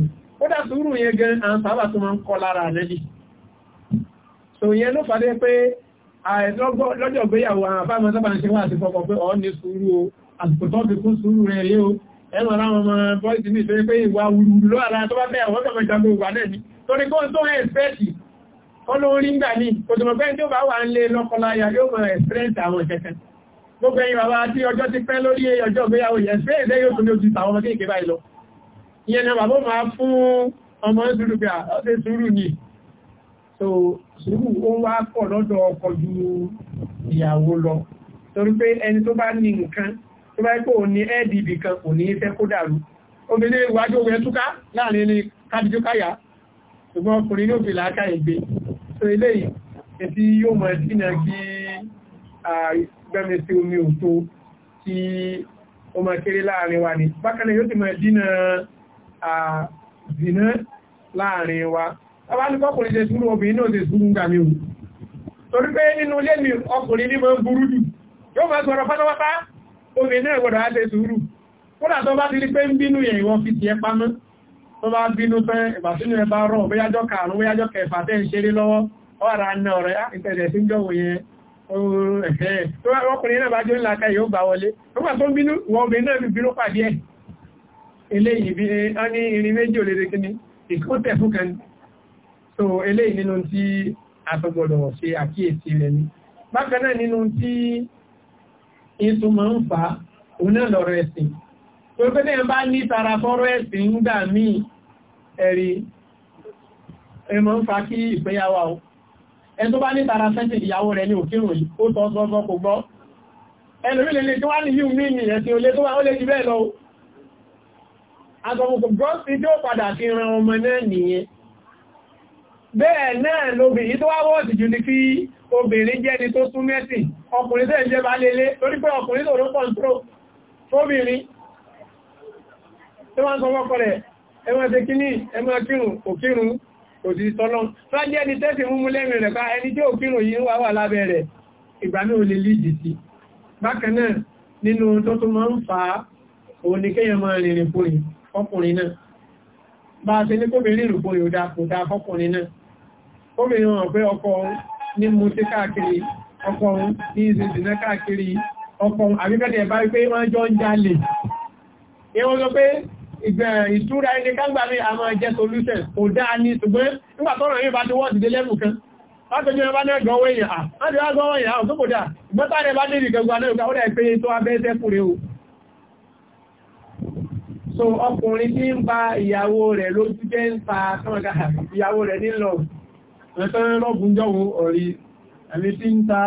so yẹn ló fàdé pé lọ́jọ́ gbéyàwó àwọn àfáàmọ́ sábà ń ṣe wá àti àsìkòtọ́ fi kún sùúrù rẹ̀ lé o ẹ̀rọ láwọn ọmọ bọ́ìsì ní ìfẹ́ pé ìwà wùlù ló àlá tó bá bẹ́ àwọn ọmọ ìjàgbó wà náà ní torí kó tó rẹ̀ ẹ̀sẹ̀ẹ̀sì ọlọ́rin gbà ní òtùmọ̀pẹ́ tí ó bá wà ń lé lọ́kọláya yóò mọ̀ ẹ̀sẹ̀ẹ̀sì àwọn ìkẹ́kẹ́ gbogbo ẹ̀yìn bàbá tí ọjọ́ ti pẹ́ lórí ọjọ́ ìgbéyàwó yẹn fẹ́ ẹ̀dẹ́ yóò tún ní ojú tàwọn ọmọ kéèké báyìí lọ ìyẹn ni bàbá máa fún ọmọ sùúrù pé ọdẹ sùúrù ni so sùúrù ó wá pọ̀ lọ́dọ̀ ọkọ ju ìyàwó lọ torí pé ẹni tó bá ní nǹkan tó bá ipò ní ẹ́ẹ̀dìbì kan kò ní fẹ́ kó dàrú obìnrin ìwájú owó ẹtúká láàrin ní kájíjókáyà ṣùgbọ́n ọkùnrin ní òfin láàká ìgbé so eléyìí ètí yóò mọ̀ dínà kí gbẹ́mi sí omi òtó tí ó mọ̀ kéré láàrin wa ní bákanẹ̀ yóò ti mọ̀ dínà zìnà láàrin wa ọba ní kọkùnrin ṣe súnú obìnrin náà ṣe súnú gbà mí o torí pé nínú ilé mi ọkùnrin ní mọ̀ ń yóò mọ̀ sọ̀rọ̀ pátápátá obìnrin náà gbọ́dọ̀ á lè sùúrù kódà tó bá ti rí pé ń bínú yẹn ìwọ̀n fi tiẹ̀ pamọ́ tó bá bínú pé ìbàsínú ẹ bá rọ̀ bóyájọ́ karùn-ún bóyájọ́ kẹfà tẹ́ ń ṣeré lọ́wọ́ ọ̀rà náà ọ̀rẹ́ ìtẹ̀lẹ̀ sí jọ́wọ́ yẹn ọkùnrin náà bá jẹ́ ńláka yóò gbà wọlé ọgbà tó ń bínú wọ obìnrin náà bí bínú pàdé ẹ̀ eléyìí a ní irin méjì olèrè kíní ìkótẹ̀ fún kan so eléyìí nínú tí a tó gbọdọ̀ ṣe àkíyèsí rẹ̀ ní bákan ìtù ma ń fa oná lọ́rọ̀ ẹ̀sìn tó pé tẹ́yẹ bá ní tara fọ́rọ̀ ẹ̀sìn ń gbà mí ẹ̀rí ẹ ma ń fa kí ìgbéyàwó ẹ tó bá ní tara sẹ́sìn ìyàwó rẹ̀ ní òkèrò yìí ó tọ́ sọ́sọ́ kò gbọ́ ẹlòmílẹ̀ tó wá ní bẹ́ẹ̀ náà nìyẹn bẹ́ẹ̀ náà ní kí obìnrin jẹ́ni tó sún ọkùnrin tẹ́ ìjẹba lélé torí pé ọkùnrin tó rọ́ kọ́ntró fóbìnrin tí wọ́n sọ wọ́kọ̀ rẹ̀ ẹwọ́n ti kíní ẹmọ́ kírùn òkírùn òdí tọ́lọ́n tó jẹ́ ẹni tẹ́sì múmú lẹ́rin rẹ̀ ká ah, ẹni tí òkírùn yìí wà wà lábẹ́ rẹ̀ ìgbàmí ò lè líjì sí bákan náà nínú tó ni kéèyàn máa káàkiri ọkọ̀ òun ní ìsìnkú káàkiri ọkọ̀ àbíkẹ́dẹ̀ bá wípé wọ́n jọ ń jalè ìwọ́n sọ pé ìtura ẹni kágbà ní a máa jẹ́ solution kò dáa ní ṣùgbọ́n nígbà yìí bá ti wọ́n ti dé lẹ́bù kan látọjú ẹbá ní ẹgbọ́n wé ìyà kò dáa ìgbọ́ta rẹ̀ bá dé ìrìn náà ó dẹ̀ pé tó abẹ́ẹ́sẹ́ fúre o so ọkùnrin tí ń ba ìyàwó rẹ̀ lójú jẹ́ ń pa ìyàwó rẹ̀ nílọ ẹni tí ń ta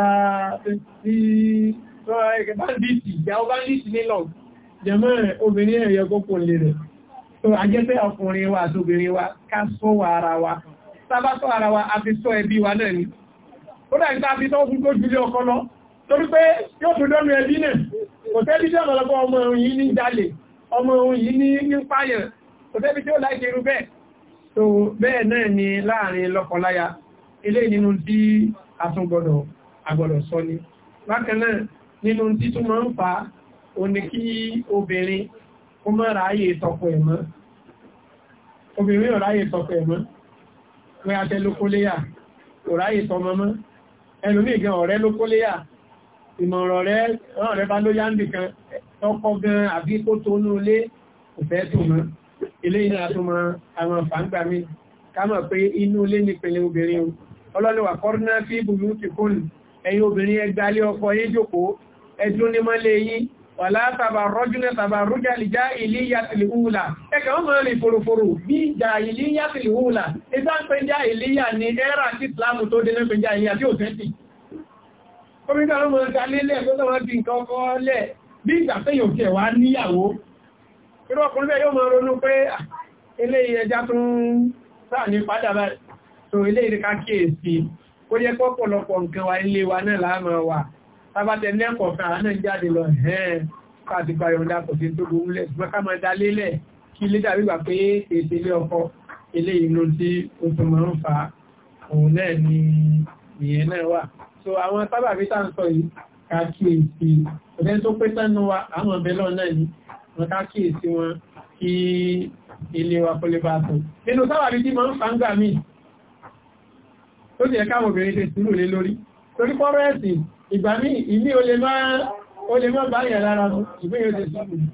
tí tó ẹgbẹ́ banditi ìyàwó banditi nílọ̀ jẹmọ́ obìnrin ẹ̀yọ kókò lè rẹ̀ tó ajẹ́fẹ́ ọkùnrin wa àtòbìnrin wa ká sọ wà ara wa sábà sọ ara wa a fi sọ ẹbí wa náà ni ó dà níta fi tọ́ fún tó jùlé ọkọ lọ torí pé yóò tún dọ́nu ẹbí náà kò tẹ́bí tí ọ̀pọ̀lọpọ̀ ọmọ òun yìí ní jalè ọmọ òun yìí tí ó láì ṣerú bẹ́ẹ̀ tó bẹ́ẹ̀ náà ni láàrin lọ́kọláya ilé nínú tí atúngbọ́dọ̀ agbọ́dọ̀ sọ ni bákan náà nínú tí tún máa ń fa òní kí obìnrin kó má ráyè tọkọ ẹ̀ mọ́ obìnrin ò ráyè tọkọ ẹ̀ mọ́ pé aṣẹ ló kó léyà ò ráyè tọmọ mọ́ ẹlòmíì gan ọ̀rẹ́ ló kó léyà ìmọ̀ràn rẹ̀ rán rẹ̀ bá ló ọlọ́lẹ́wà kọ́rùnà fi ibùdó ti kún ẹ̀yin obìnrin ẹgbàlẹ́ ọkọ yín jòkó ẹdún ní mọ́lẹ̀ yín wà látàbà rọ́júnẹ̀ tàbà rújà lìjá ilé yàtìlì húlà ẹkà wọ́n mọ́rin fòròfòrò bí ìjà ilé yàtìlì húlà ìjá ń pẹ́já ilé yà ní ẹ́rà tí islamu tó dé lẹ́pẹ́já ilé àti òtẹ́tì Ilé ìyẹjá tún sáà ní padà báyìí so ilé ìrìká kíyèsí ó yẹ pọ́pọ̀lọpọ̀ nǹkan wa ilé wa náà láàmà wà tábàtẹ̀ ní ẹ̀kọ̀ fún àwọn náà jáde lọ ẹ̀ẹ́n káàdì gba ìrọ̀dá kò sí tó gbogbo lẹ̀ ṣùgbọ́n ká máa ilé ni ìyẹn náà so àwọn sábàbí tá à ń sọ yìí ká kíyèsí ọ̀dẹ́ tó pé wa ni wọ́n ká kíyèsí wọn kí ilé wa kó lè bá tó nínú sábàbí tí máa ń fa ń gbà míì tó jẹ́ káwọn obìnrin ti sùúrù lé lórí torí pọ́rọ̀ ẹ̀sìn ìgbà ní ìní o lè má bá yẹ̀ lára ìgbéyàn ti sùúrù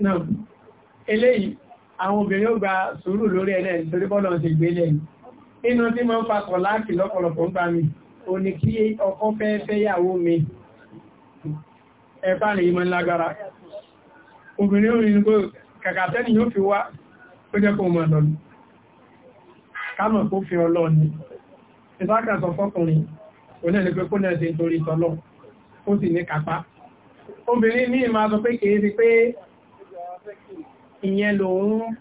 Now, eléyìí àwọn obìnrin ó gba sùúrù lórí ẹ̀nà ìtorí bọ́lọ̀ ti gbélẹ̀ inú tí ma ń fakọ̀ láti lọ́pọ̀lọpọ̀ ń gbà mí o ní kí ọkọ fẹ́ fẹ́yàwó mi ẹ̀fà rẹ̀ ìmọ̀ lágbára obìnrin ó rìn kó kàkàtẹ́ni yóò fi wá ó jẹ́ ni ìbákàtọ̀ fọ́kùnrin oní ìyẹn lòun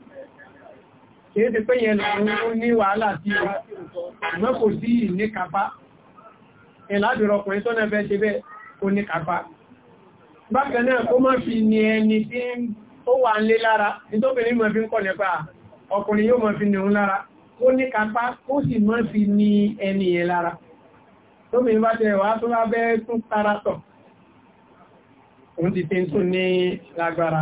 kìí ti pé ìyẹn lòun ó ní wàhálà sí ọmọ kò sí ní kápá ìlàdìrọ̀ ọkùnrin tó náà fẹ́ ṣe bẹ́ẹ̀ kò ní kápá bákan náà kó má fi ní ẹni tí ó wà ń lé lára nítòbìnrin mọ̀ fi ń kọ́ nípa ọkùnrin yóò mọ̀ fi ní òun lára ó ní kápá ó sì mọ́ fi ní ẹni yẹn lára tó mi bá tẹ wà tó bá bẹ́ tún tààràtọ̀ òun ti fi tún ní lágbára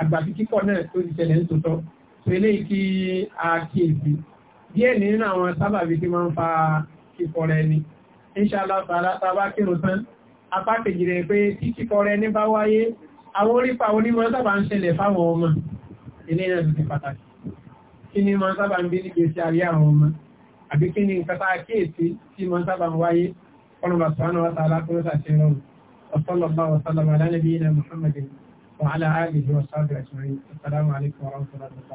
àgbàbí kíkọ́ náà tó ti ṣẹlẹ̀ nítòótọ́ tó eléyìí kí a kíyèsí díẹ̀ nínú àwọn sábàbí tí máa ń fa kíkọ́ rẹ ni inṣàlá tàbá kírun tán apá ni mọ̀ sábà ń bí ní gbèsè àrí àwọn ọmọ àbí kí ni nǹkan tá a kíyèsí tí mọ̀ sábà ń wáyé ọlọ́mà sọ́nà wátà alákòóso Muhammadin وعلى آله وصحبه أجمعين السلام عليكم ورحمة الله وبركاته